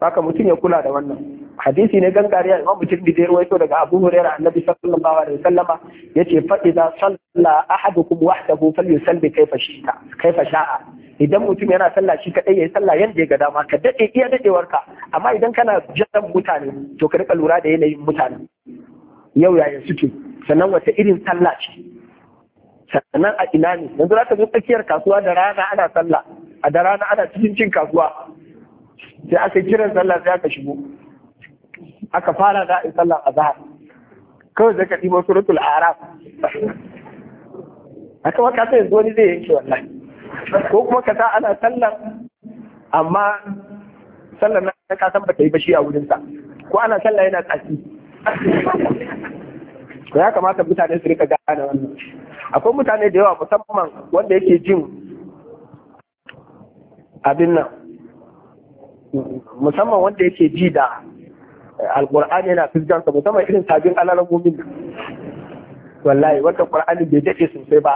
Ba haka mutum ya kula da wannan hadisi ne gangariya imam mutum da ya ruwaito daga abu huraira annabi sallallahu alaihi wasallama yace fa idza salla ahadukum wahdahu falyusalli kayfa shi'a kayfa sha'a idan mutum yana sallah shi kadai yayi sallah yanda ya ga dama ka daɗe iya dadewarka amma idan kana jan mutane to ka rika lura da yanayin mutane yau yaya suke sannan wata irin sallah ce sannan a ina ne yanzu za ka zo tsakiyar kasuwa da rana ana sallah a da rana ana cikin cin kasuwa sai aka kiran sallah sai aka shigo aka fara da a a zahar kawai zai ka suratul araf Aka ma sai yanzu wani zai yanke wannan. ko kuma ka sa ana sallar amma sallar na ka san ba ta yi ba shi a wurinsa ko ana sallah yana tsaki ya kamata mutane su rika gane wannan akwai mutane da yawa musamman wanda yake jin abin nan musamman wanda yake ji da alkur'ani yana fiskansa musamman irin sabin alalagomin wallahi wannan qur'ani bai daɗe sosai ba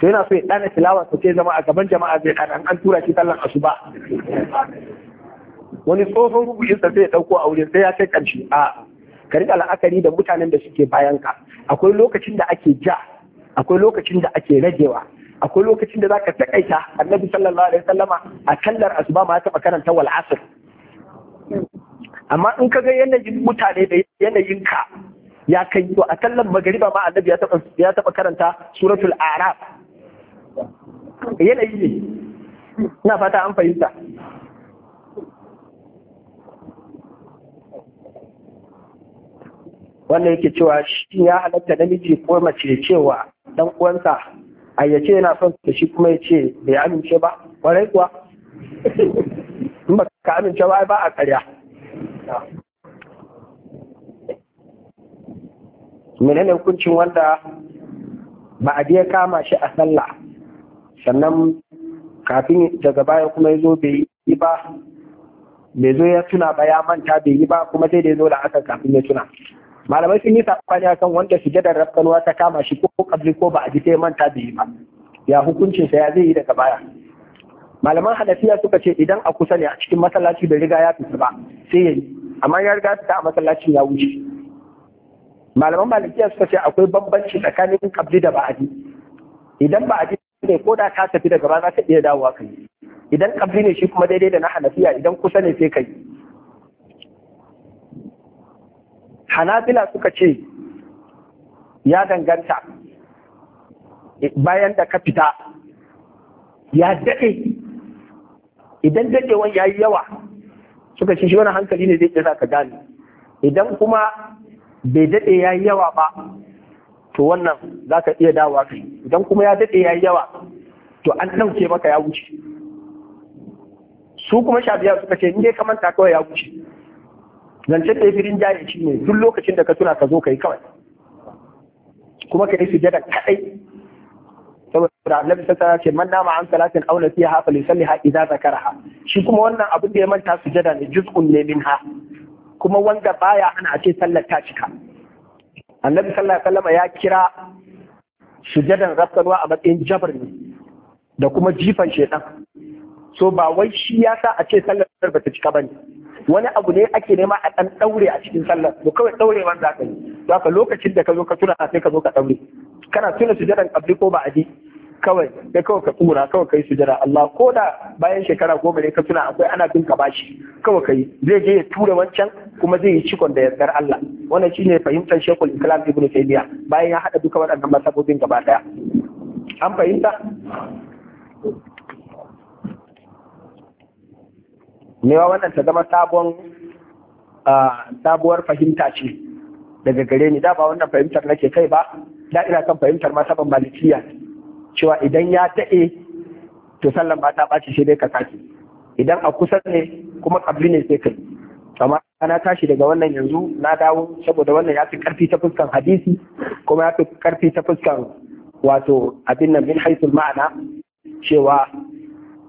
to yana so ya dana tilawa sai zama a gaban jama'a zai dana an tura shi sallan asuba wani tsohon rubu'in sa sai ya dauko a wurin sai ya kai ƙarshe a ka rika la'akari da mutanen da suke bayan ka akwai lokacin da ake ja akwai lokacin da ake ragewa akwai lokacin da zaka takaita annabi sallallahu alaihi wasallama a kallar asuba ma ta karanta wal asr amma in ka ga yanayin mutane da yanayin ka ya kai to a kallar magariba ma annabi ya taba ya taba karanta suratul araf yanayi ne ina fata an fahimta wanda yake cewa shi ya halatta namiji ko mace cewa dan uwansa ayyace yana son ta shi kuma ya bai amince ba kwarai kuwa in ba ka amince ba ba a karya menene hukuncin wanda ba a biya kama shi a sallah sannan kafin daga baya kuma ya zo bai yi ba bai zo ya tuna ba ya manta bai yi ba kuma sai da ya zo da aka kafin ya tuna malamai sun yi a akan wanda sujadar rafkanuwa ta kama shi ko kabli ko ba a ji manta da yi ba ya hukuncin sa ya zai yi daga baya malaman hanafiya suka ce idan a kusa ne a cikin masallaci da riga ya fita ba sai yayi amma ya riga fita a masallacin ya wuce malaman malikiya suka ce akwai bambanci tsakanin kabli da ba'adi idan ba'adi ne ko da ka tafi daga ba za ka iya dawowa kai idan kabli ne shi kuma daidai da na hanafiya idan kusa ne sai kai hanabila suka ce ya danganta bayan da ka fita ya daɗe idan daɗewan ya yi yawa suka ce shi wani hankali ne zai sa ka gane idan kuma bai daɗe ya yi yawa ba to wannan za ka iya dawa kai idan kuma ya daɗe ya yi yawa to an ɗauke maka ya wuce su kuma sha biyar suka ce in dai ka manta kawai ya wuce Zance da ya firin jaye shi ne duk lokacin da ka tuna ka zo ka yi kawai kuma ka yi sujada kadai saboda annabi ta ce: man nama an salatin ne, nasiha fa lisallaha idza zakaraha shi kuma wannan abin da ya manta sujada ne juz'un ne ha? kuma wanda baya ana ce sallar ta cika annabi sallallahu alaihi wasallam ya kira sujadan rafsanwa a matsayin jabar ne da kuma jifan shedan so ba wai shi ya sa a ce sallar ba ta cika ba ne wani abu ne ake nema a ɗan ɗaure a cikin sallar to kawai ɗaure man za yi za ka lokacin da ka zo ka tuna sai ka zo ka ɗaure kana tuna sujadan kabli ko ba a ji kawai da kawai ka tsura kawai ka yi sujada Allah ko da bayan shekara goma ne ka tuna akwai ana bin ka bashi kawai ka yi zai je ya tura wancan kuma zai yi cikon da yardar Allah wannan shine fahimtar Sheikhul Islam Ibn Taymiyyah bayan ya haɗa duka waɗannan masabobin gaba daya an fahimta mewa wannan ta zama sabon sabuwar fahimta ce daga gare ni da ba wannan fahimtar nake kai ba da ina kan fahimtar masaban malikiya cewa idan ya daɗe to sallan ba ta ɓaci sai dai ka sake idan a kusa ne kuma kabli ne sai kai amma na tashi daga wannan yanzu na dawo saboda wannan ya fi karfi ta fuskan hadisi kuma ya fi karfi ta fuskan wato abin nan min haisul ma'ana cewa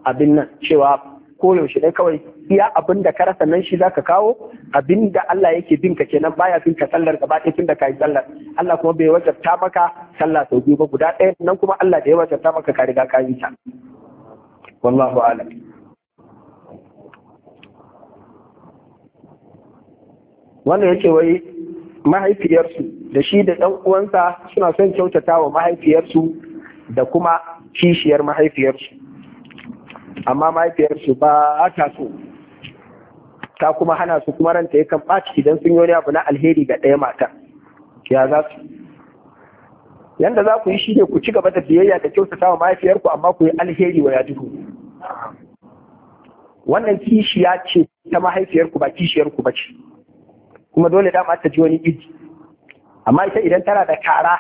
abin nan cewa koyaushe ne kawai iya abin da ka rasa nan shi zaka kawo abin da Allah yake bin ka kenan baya bin ka sallar gaba ɗaya tun da ka yi sallar Allah kuma bai wajabta maka sallah sau biyu ba guda ɗaya nan kuma Allah da ya wajabta maka ka riga ka yi ta wallahu a'lam wannan yake wai mahaifiyarsu da shi da ɗan uwansa suna son kyautata wa mahaifiyarsu da kuma kishiyar mahaifiyarsu amma mahaifiyarsu ba ta so ta kuma hana su kuma ranta yakan ɓaci idan sun yi wani abu na alheri ga ɗaya mata ya za su yanda za ku yi shi ne ku ci gaba da biyayya da ta wa mahaifiyarku amma ku yi alheri wa duhu. wannan kishiya ce ta mahaifiyarku ba kishiyarku ba ce kuma dole dama ta ji wani iji amma ita idan tana da kara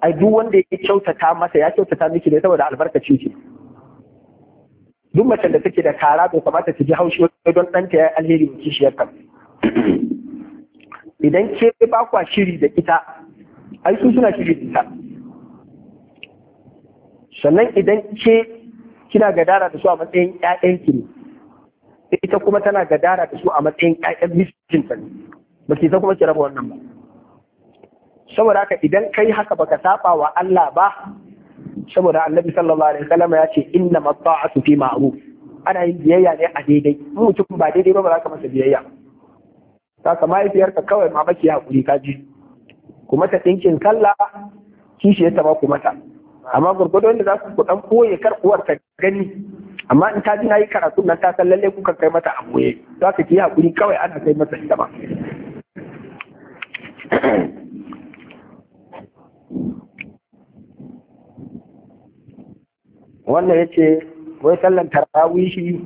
ai duk wanda ya kyautata masa ya kyautata miki ne saboda albarkacin ki duk macen da take da kara bai kamata ta ji haushi don ɗanta ya alheri mai kishiyar kan idan ke ba kwa shiri da ita ai su suna shiri da ita sannan idan ke kina gadara da su a matsayin ƴaƴan ki ne ita kuma tana gadara da su a matsayin ƴaƴan ta ne ba ki kuma ki raba wannan ba saboda haka idan kai haka baka saba wa Allah ba saboda annabi sallallahu alaihi wasallam ya ce inna mata'atu fi ma'ruf ana yin biyayya ne a daidai mu mutum ba daidai ba ba za ka masa biyayya ta ka kawai ma baki hakuri ka ji ku ta ɗinkin kalla kishi ya taba ku mata amma gurgudu da za ku ku dan koye kar uwar ta gani amma in ta ji nayi karatu nan ta san lalle kuka kai mata a boye za ka ki hakuri kawai ana kai masa ita ba wannan ya ce wai sallan tarawihi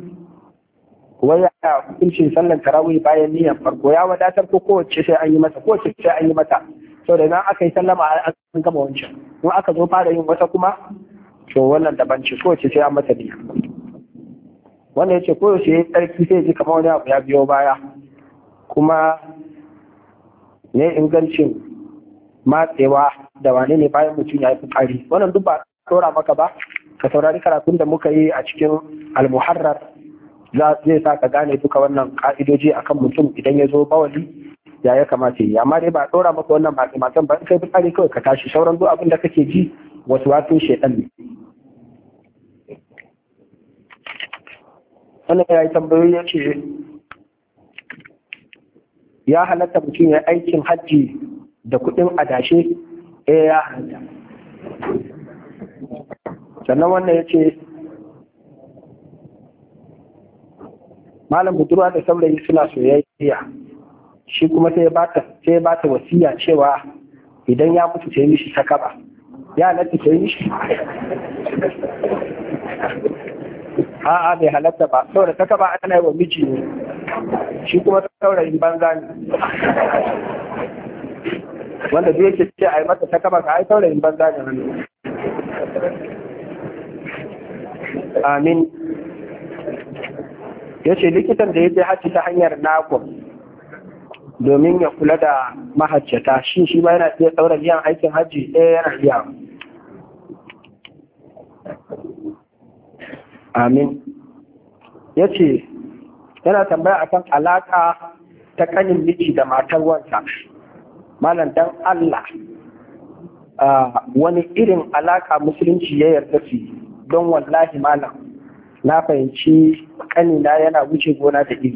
wai ya hukuncin sallan tarawih bayan niyan farko ya wadatar ko kowace sai an yi mata kowace sai an yi mata to da nan aka yi sallama an gama wancan in aka zo fara yin wata kuma to wannan daban ce kowace sai an mata niyya wannan ya ce ko yaushe tsarki sai ji kamar wani abu ya biyo baya kuma ne ingancin matsewa da wane ne bayan mutum ya yi fitsari wannan duk ba dora maka ba ka saurari karatun da muka yi a cikin almuharrar za zai sa ka gane duka wannan ka'idoji akan mutum idan ya zo bawali ya ya kamata yi amma dai ba dora maka wannan ba matan ba in kai fitsari kawai ka tashi sauran duk abin kake ji wasu wasu shedan ne wannan ya yi tambayoyi ya ce ya halatta mutum ya aikin hajji da kuɗin adashe eh ya halatta sannan wannan ya ce malam budurwa da saurayi suna soyayya shi kuma sai ya ba ta wasiya cewa idan ya mutu ta yi mishi ta kaba ya halatta ta yi mishi a'a bai halatta ba saboda ta kaba ana yi wa miji ne shi kuma saurayin banza ne wanda zai yake ce a yi mata ta kaba ka ai saurayin banza ne hannu amin ya ce likitan da ya je hajji ta hanyar nakon domin ya kula da mahajjata shi shi ma yana iya ɗaura biyan aikin hajji ɗaya eh, yana iya amin ya ce yana tambaya akan alaƙa ta ƙanin miji da matar wansa malam dan Allah ah, wani irin alaƙa musulunci ya yarda su yi don wallahi malam na fahimci kanina yana wuce gona da iri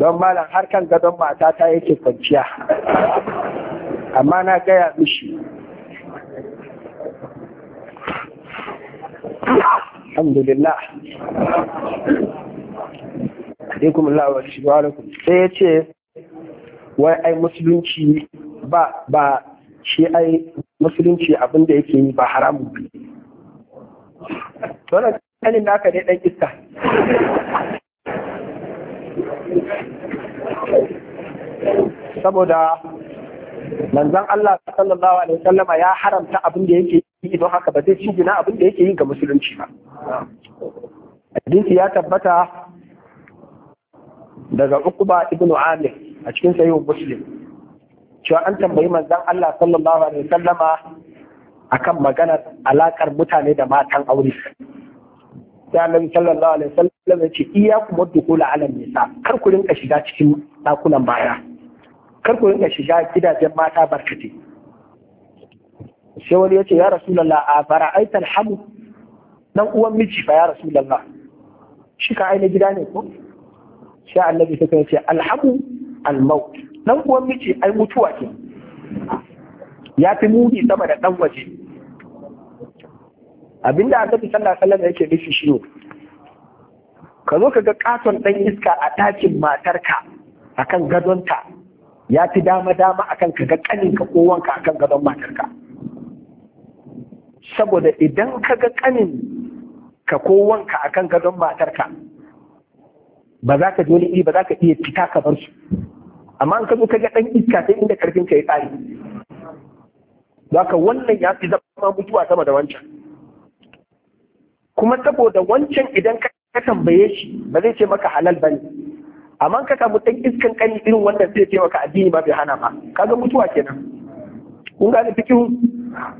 don malam har kan gadon matata yake kwanciya amma na gaya mishi alhamdulillah alaikum Allah wa shiwarakum sai ya ce wai ai musulunci ba ba shi ai musulunci abinda yake yi ba haramun wannan kanin naka dai dan iska saboda manzon Allah sallallahu alaihi wasallama ya haramta abin da yake yi don haka ba zai ci gina abin da yake yi ga musulunci ba hadisi ya tabbata daga Uqba ibn Amir a cikin sahih Muslim cewa an tambayi manzon Allah sallallahu alaihi wasallama akan maganar alakar mutane da matan aure Ya nabi sallallahu alaihi wasallam ya ce kuma wadkhul ala nisa kar ku rinka shiga cikin dakunan baya kar ku rinka shiga gidajen mata barkate sai wani ya ce ya rasulullah a fara'aitar hamu dan uwan miji fa ya rasulullah shi ka aina gida ne ko sai annabi sai ya ce alhamu almaut dan uwan miji ai mutuwa ke ya fi muni sama da ɗan waje abinda fi Sallah sallah da yake nufi shi ne ka zo ka ga katon ɗan iska a ɗakin matarka akan gadonta ya fi dama dama akan ka ga ƙaninka kowanka a akan gadon matarka saboda idan ka ga ƙanin ka kowanka a akan gadon matarka ba za ka ji wani iri ba za ka iya fita ka bar su amma in ka zo ka ga ɗan iska sai inda karfin ka ya tsari Zaka wannan ya fi zama mutuwa sama da wancan. Kuma saboda wancan idan ka tambaye shi ba zai ce maka halal ba ne. Amma ka samu ɗan iskan ƙani irin wannan zai ce maka addini ba bai hana ba. Kaga mutuwa kenan. Kun gane fikin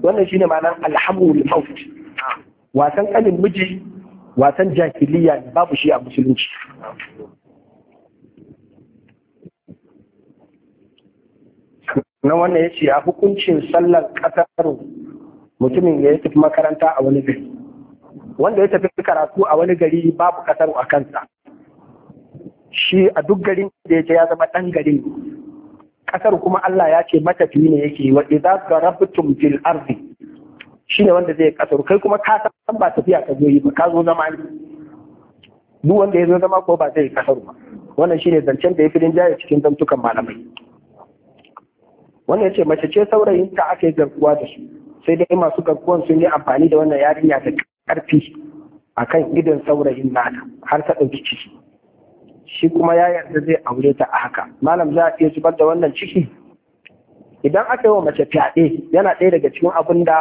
wannan shine ma'anar alhamu lil Wasan ƙanin miji wasan jahiliya babu shi a musulunci. na wannan ya ce a hukuncin sallar ƙasar mutumin ya yi tafi makaranta a wani gari wanda ya tafi karatu a wani gari babu ƙasar a kansa shi a duk garin da ya ce ya zama ɗan garin ƙasar kuma Allah ya ce matafi ne yake wa idza garabtum fil ardi shine wanda zai ƙasar kai kuma ka san ba tafiya ka zo yi ba ka zo zama ne duk wanda ya zo zama ko ba zai ƙasar ba wannan shine zancen da ya fi rinjaye cikin zantukan malamai wannan ce mace ce saurayin ta aka yi garkuwa da su sai dai masu garkuwan sun yi amfani da wannan yarinya da karfi kan idan saurayin nata har ta ɗauki ciki shi kuma ya yarda zai aure ta a haka malam za a iya zubar da wannan ciki idan aka yi wa mace fyaɗe yana ɗaya daga cikin abin da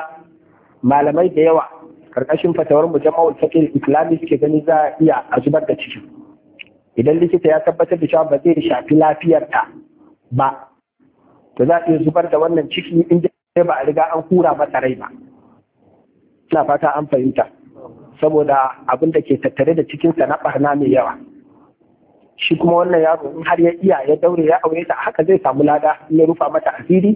malamai da yawa karkashin fatawar mu jama'ul fakir islami suke gani za a iya a zubar da ciki idan likita ya tabbatar da cewa ba zai shafi lafiyarta ba Da za a iya zubar da wannan ciki inda ba a riga an kura mata rai ba ina fata an fahimta saboda abin da ke tattare da cikinsa na barna mai yawa shi kuma wannan yaro in har ya iya ya daure ya aure ta haka zai samu lada ya rufa mata asiri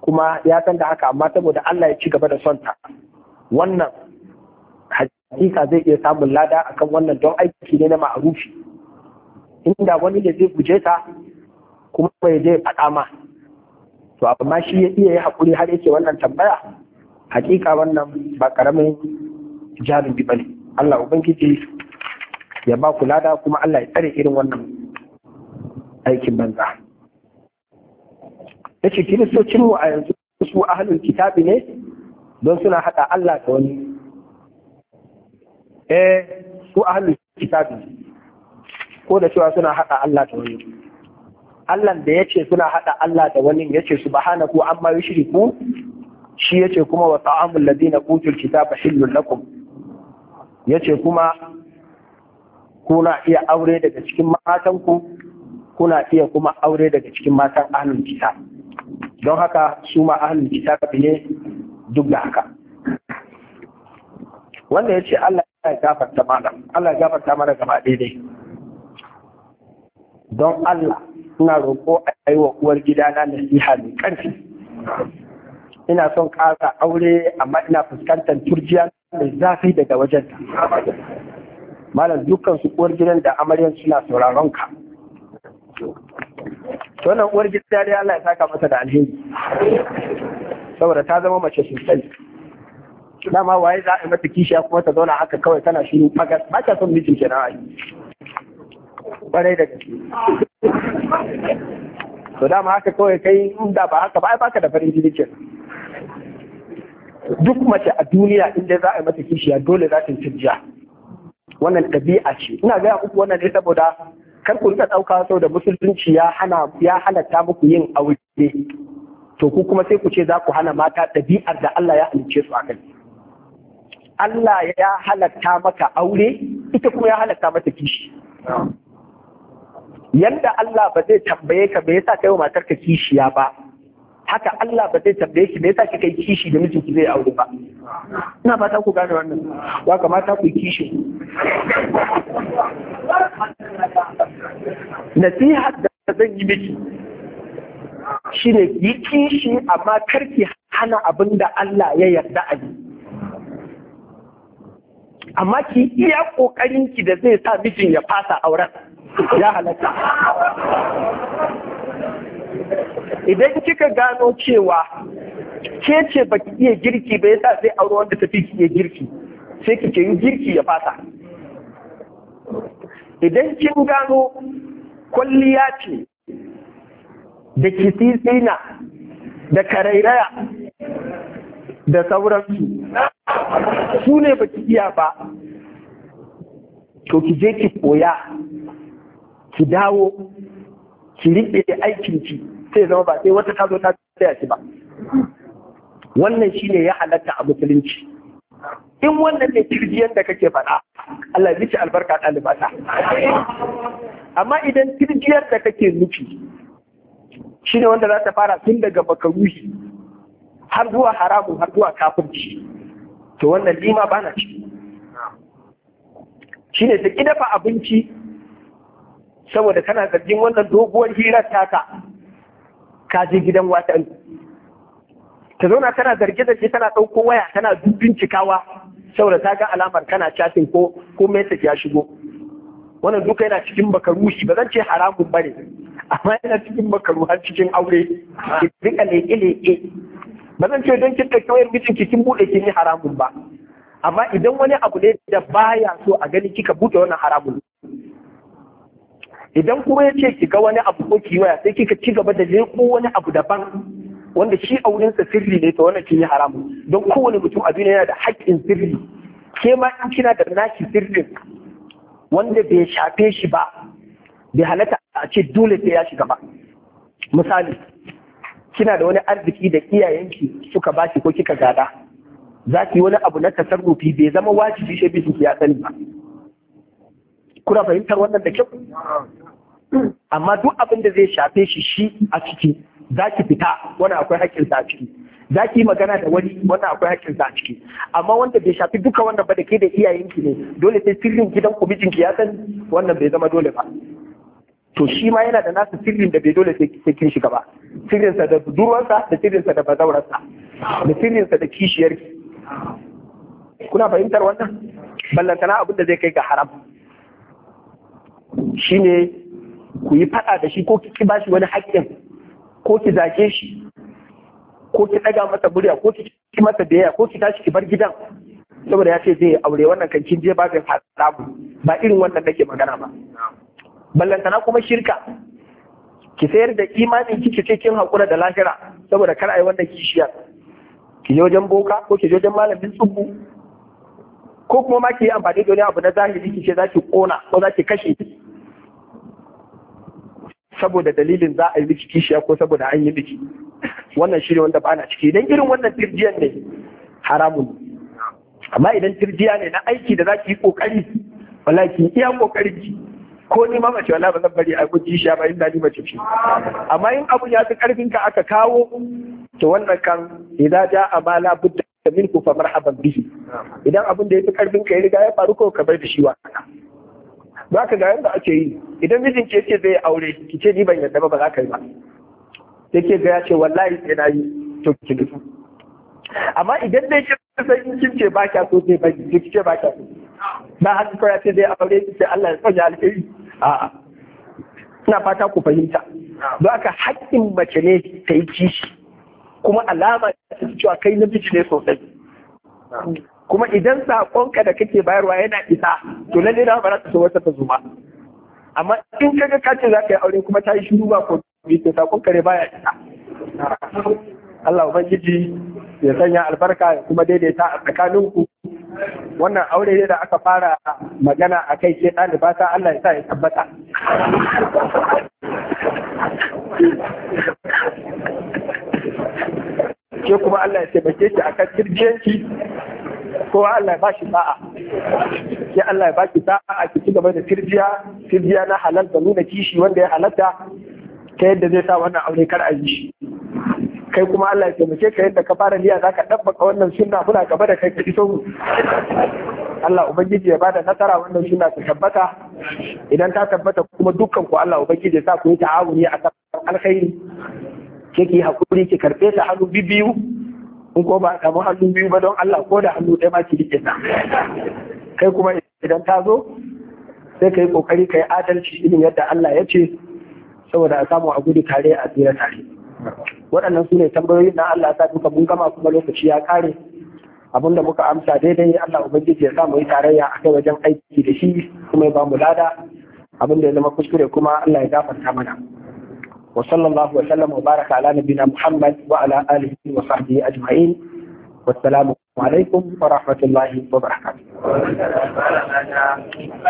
kuma ya san da haka amma saboda Allah ya ci gaba da son ta wannan hakika zai iya samun lada akan wannan don aiki ne na ma'arufi inda wani da zai guje ta kuma bai zai faɗa ma to amma shi ya iya yi hakuri har yake wannan tambaya hakika wannan ba karamin jarumi ba ne Allah ubangiji ya ba ku lada kuma Allah ya tsare irin wannan aikin banza yace kiristocinmu a yanzu su halin kitabi ne don suna haɗa Allah da wani eh su ahlul kitabi ko da cewa suna haɗa Allah da wani Allah da yace suna hada Allah da wani yace subhanahu amma yushriku shi yace kuma wa ta'amul ladina utul kitaba hillul lakum yace kuma kuna iya aure daga cikin matanku kuna iya kuma aure daga cikin matan ahlul kitab don haka su ma ahlul kitab ne duk da haka wanda yace Allah ya gafarta mana Allah ya gafarta mana gaba daidai don Allah ina roƙo a yi wa uwar gidana nasiha mai ƙarfi ina son ƙasa aure amma ina fuskantar turjiya mai zafi daga wajen ta malam dukkan su uwar gidan da amaryan suna sauraron ka wannan uwar gida dai Allah ya saka mata da alheri saboda ta zama mace sosai dama waye za a mata kishiya kuma ta zauna haka kawai tana shiru fagas ba ta son mijin kenan ai kwarai da gaske to dama haka kawai kai inda ba haka ba ai baka da farin jini duk mace a duniya inda za a yi mata kishiya dole za ta yi tijja wannan ɗabi'a ce ina gaya uku wannan ne saboda kar ku rika ɗauka sau da musulunci ya hana ya halatta muku yin aure to ku kuma sai ku ce za ku hana mata ɗabi'ar da Allah ya halicce su a kai Allah ya halatta maka aure ita kuma ya halatta mata kishi yanda Allah ba zai tambaye ka me yasa kai wa matarka kishiya ba haka Allah ba zai tambaye ki me yasa kika yi kishi da mijinki zai aure ba ina fata ku gane wannan wa kamata ku yi kishi nasiha da zan yi miki shine yi kishi amma karki hana abin da Allah ya yarda a yi amma ki iya kokarin ki da zai sa mijin ya fasa auren ya halatta idan kika gano cewa ke ce ba ki iya girki ba yasa sai aure wanda tafi ki iya girki sai kike yi girki ya fata idan kin gano kwalliya ce da tsitsina da karairaya da sauransu su ne baki iya ba to ki je ki koya ki dawo ki riɓe da aikinki sai zama ba sai wata ta zo ta tsaya ki ba wannan shi ne ya halatta a musulunci in wannan ne kirjiyan da kake faɗa Allah ya ci albarka ɗalibata amma idan kirjiyar da kake nufi shi ne wanda za ta fara tun daga makaruhi har zuwa haramu har zuwa kafirci to wannan lima bana ciki ne ta kidafa abinci saboda kana zargin wannan doguwar hirar taka ka je gidan watan ta zauna tana zarge da shi tana ɗauko waya tana cikawa saboda ta ga alamar kana chatting ko ko message ya shigo wannan duka yana cikin shi ba zan ce haramun bane amma yana cikin bakaru har cikin aure ki rika leke leke ba zan ce don kin ɗauki wayar mijinki kin buɗe kin yi haramun ba amma idan wani abu ne da baya so a gani kika buɗe wannan haramun idan kuma ya ce ki ga wani abu ko ki waya sai kika ci gaba da leko wani abu daban wanda shi a wurinsa sirri ne to wannan kin yi haramu don kowane mutum a duniya yana da haƙƙin sirri ke ma in kina da naki sirri wanda bai shafe shi ba bai halatta a ce dole sai ya shiga ba misali kina da wani arziki da iyayenki suka baki ko kika gada za ki wani abu na tasarrufi bai zama wajibi shi bisu ya sani ba kuna fahimtar wannan da kyau amma duk abin da zai shafe shi shi a ciki za ki fita wani akwai haƙƙin sa a ciki za ki yi magana da wani wani akwai haƙƙin sa a ciki amma wanda bai shafi duka wannan ba da ke da iyayenki ne dole sai sirrin gidan ku mijinki ya san wannan bai zama dole ba to shi ma yana da nasu sirrin da bai dole sai kin shiga ba sirrinsa da budurwarsa da sirrinsa da bazaurarsa da sirrinsa da kishiyarki kuna fahimtar wannan ballantana abin da zai kai ga haram ne ku yi faɗa da shi ko ki ba shi wani haƙƙin ko ki zake shi ko ki ɗaga masa murya ko ki masa biyayya ko ki tashi ki bar gidan saboda ya ce zai aure wannan kan kin je ba zai mu ba irin wannan nake magana ba ballantana kuma shirka ki sayar da imanin ki ce kin haƙura da lahira saboda kar a yi wannan kishiyar ki je wajen boka ko ki je wajen malamin tsubbu ko kuma ma ki yi amfani da wani abu na zahiri ki ce za ki kona ko za ki kashe saboda dalilin za a yi miki kishiya ko saboda an yi miki wannan shi ne wanda ba na ciki idan irin wannan tirjiyar ne haramun amma idan tirjiya ne na aiki da za ki yi kokari wallahi ki iya kokari ki ko ni ma mace wallahi ba zan bari a guji kishiya ba inda ni mace ce amma in abun ya fi karfin ka aka kawo to wannan kan idan ja amala budda ku fa marhaban bihi idan abun da ya fi karfin ka ya riga ya faru ko ka bar da shi wa za ka ga yadda ake yi idan mijin ke ce zai aure ki ce ni ban yadda ba ba za ka yi ba yake ga ya ce wallahi sai na yi to ki dufu amma idan dai ki sai in kin ce ba kya so sai ba ki ce ba kya so na haka kawai ce zai aure ki ce Allah ya sanya alheri a'a ina fata ku fahimta don haka haƙƙin mace ne ta yi kishi kuma alama ta cewa kai namiji ne sosai kuma idan saƙonka da kake bayarwa yana isa to lalle na ba za ta so wata ta zuma amma in kaga ka ce za ka yi aure kuma ta yi shiru ba ko bi to saƙonka ne baya isa Allah ubangiji ya sanya albarka ya kuma daidaita a tsakaninku wannan aure ne da aka fara magana a kai ke ɗaliba ta Allah ya sa ya tabbata ke kuma Allah ya taimake ki akan kirjiyanki kowa Allah ya ba shi sa'a ya Allah ya ba shi sa'a ki ci gaba da firjiya, firjiya na halal da nuna kishi wanda ya halatta ta yadda zai sa wannan aure kar a yi shi kai kuma Allah ya taimake ka yadda ka fara niyya zaka dabbaka wannan sunna kuna gaba da kai ka iso Allah ubangiji ya bada nasara wannan sunna ta tabbata idan ta tabbata kuma dukkan ku Allah ubangiji ya sa ku yi ta'awuni a kan alkhairi kike hakuri ki karbe ta hannu bibiyu in ko ba a samu hannu biyu ba don Allah ko da hannu ɗaya ma ki rike ta kai kuma idan ta zo sai ka yi ƙoƙari ka yi adalci irin yadda Allah ya ce saboda a samu a gudu tare a tsira tare waɗannan su ne tambayoyin na Allah ta duka mun gama kuma lokaci ya ƙare abinda muka amsa daidai Allah ubangiji ya sa mu yi tarayya a kai wajen aiki da shi kuma ya ba mu lada abinda ya zama kuskure kuma Allah ya gafarta mana وصلى الله وسلم وبارك على نبينا محمد وعلى آله وصحبه أجمعين والسلام عليكم ورحمة الله وبركاته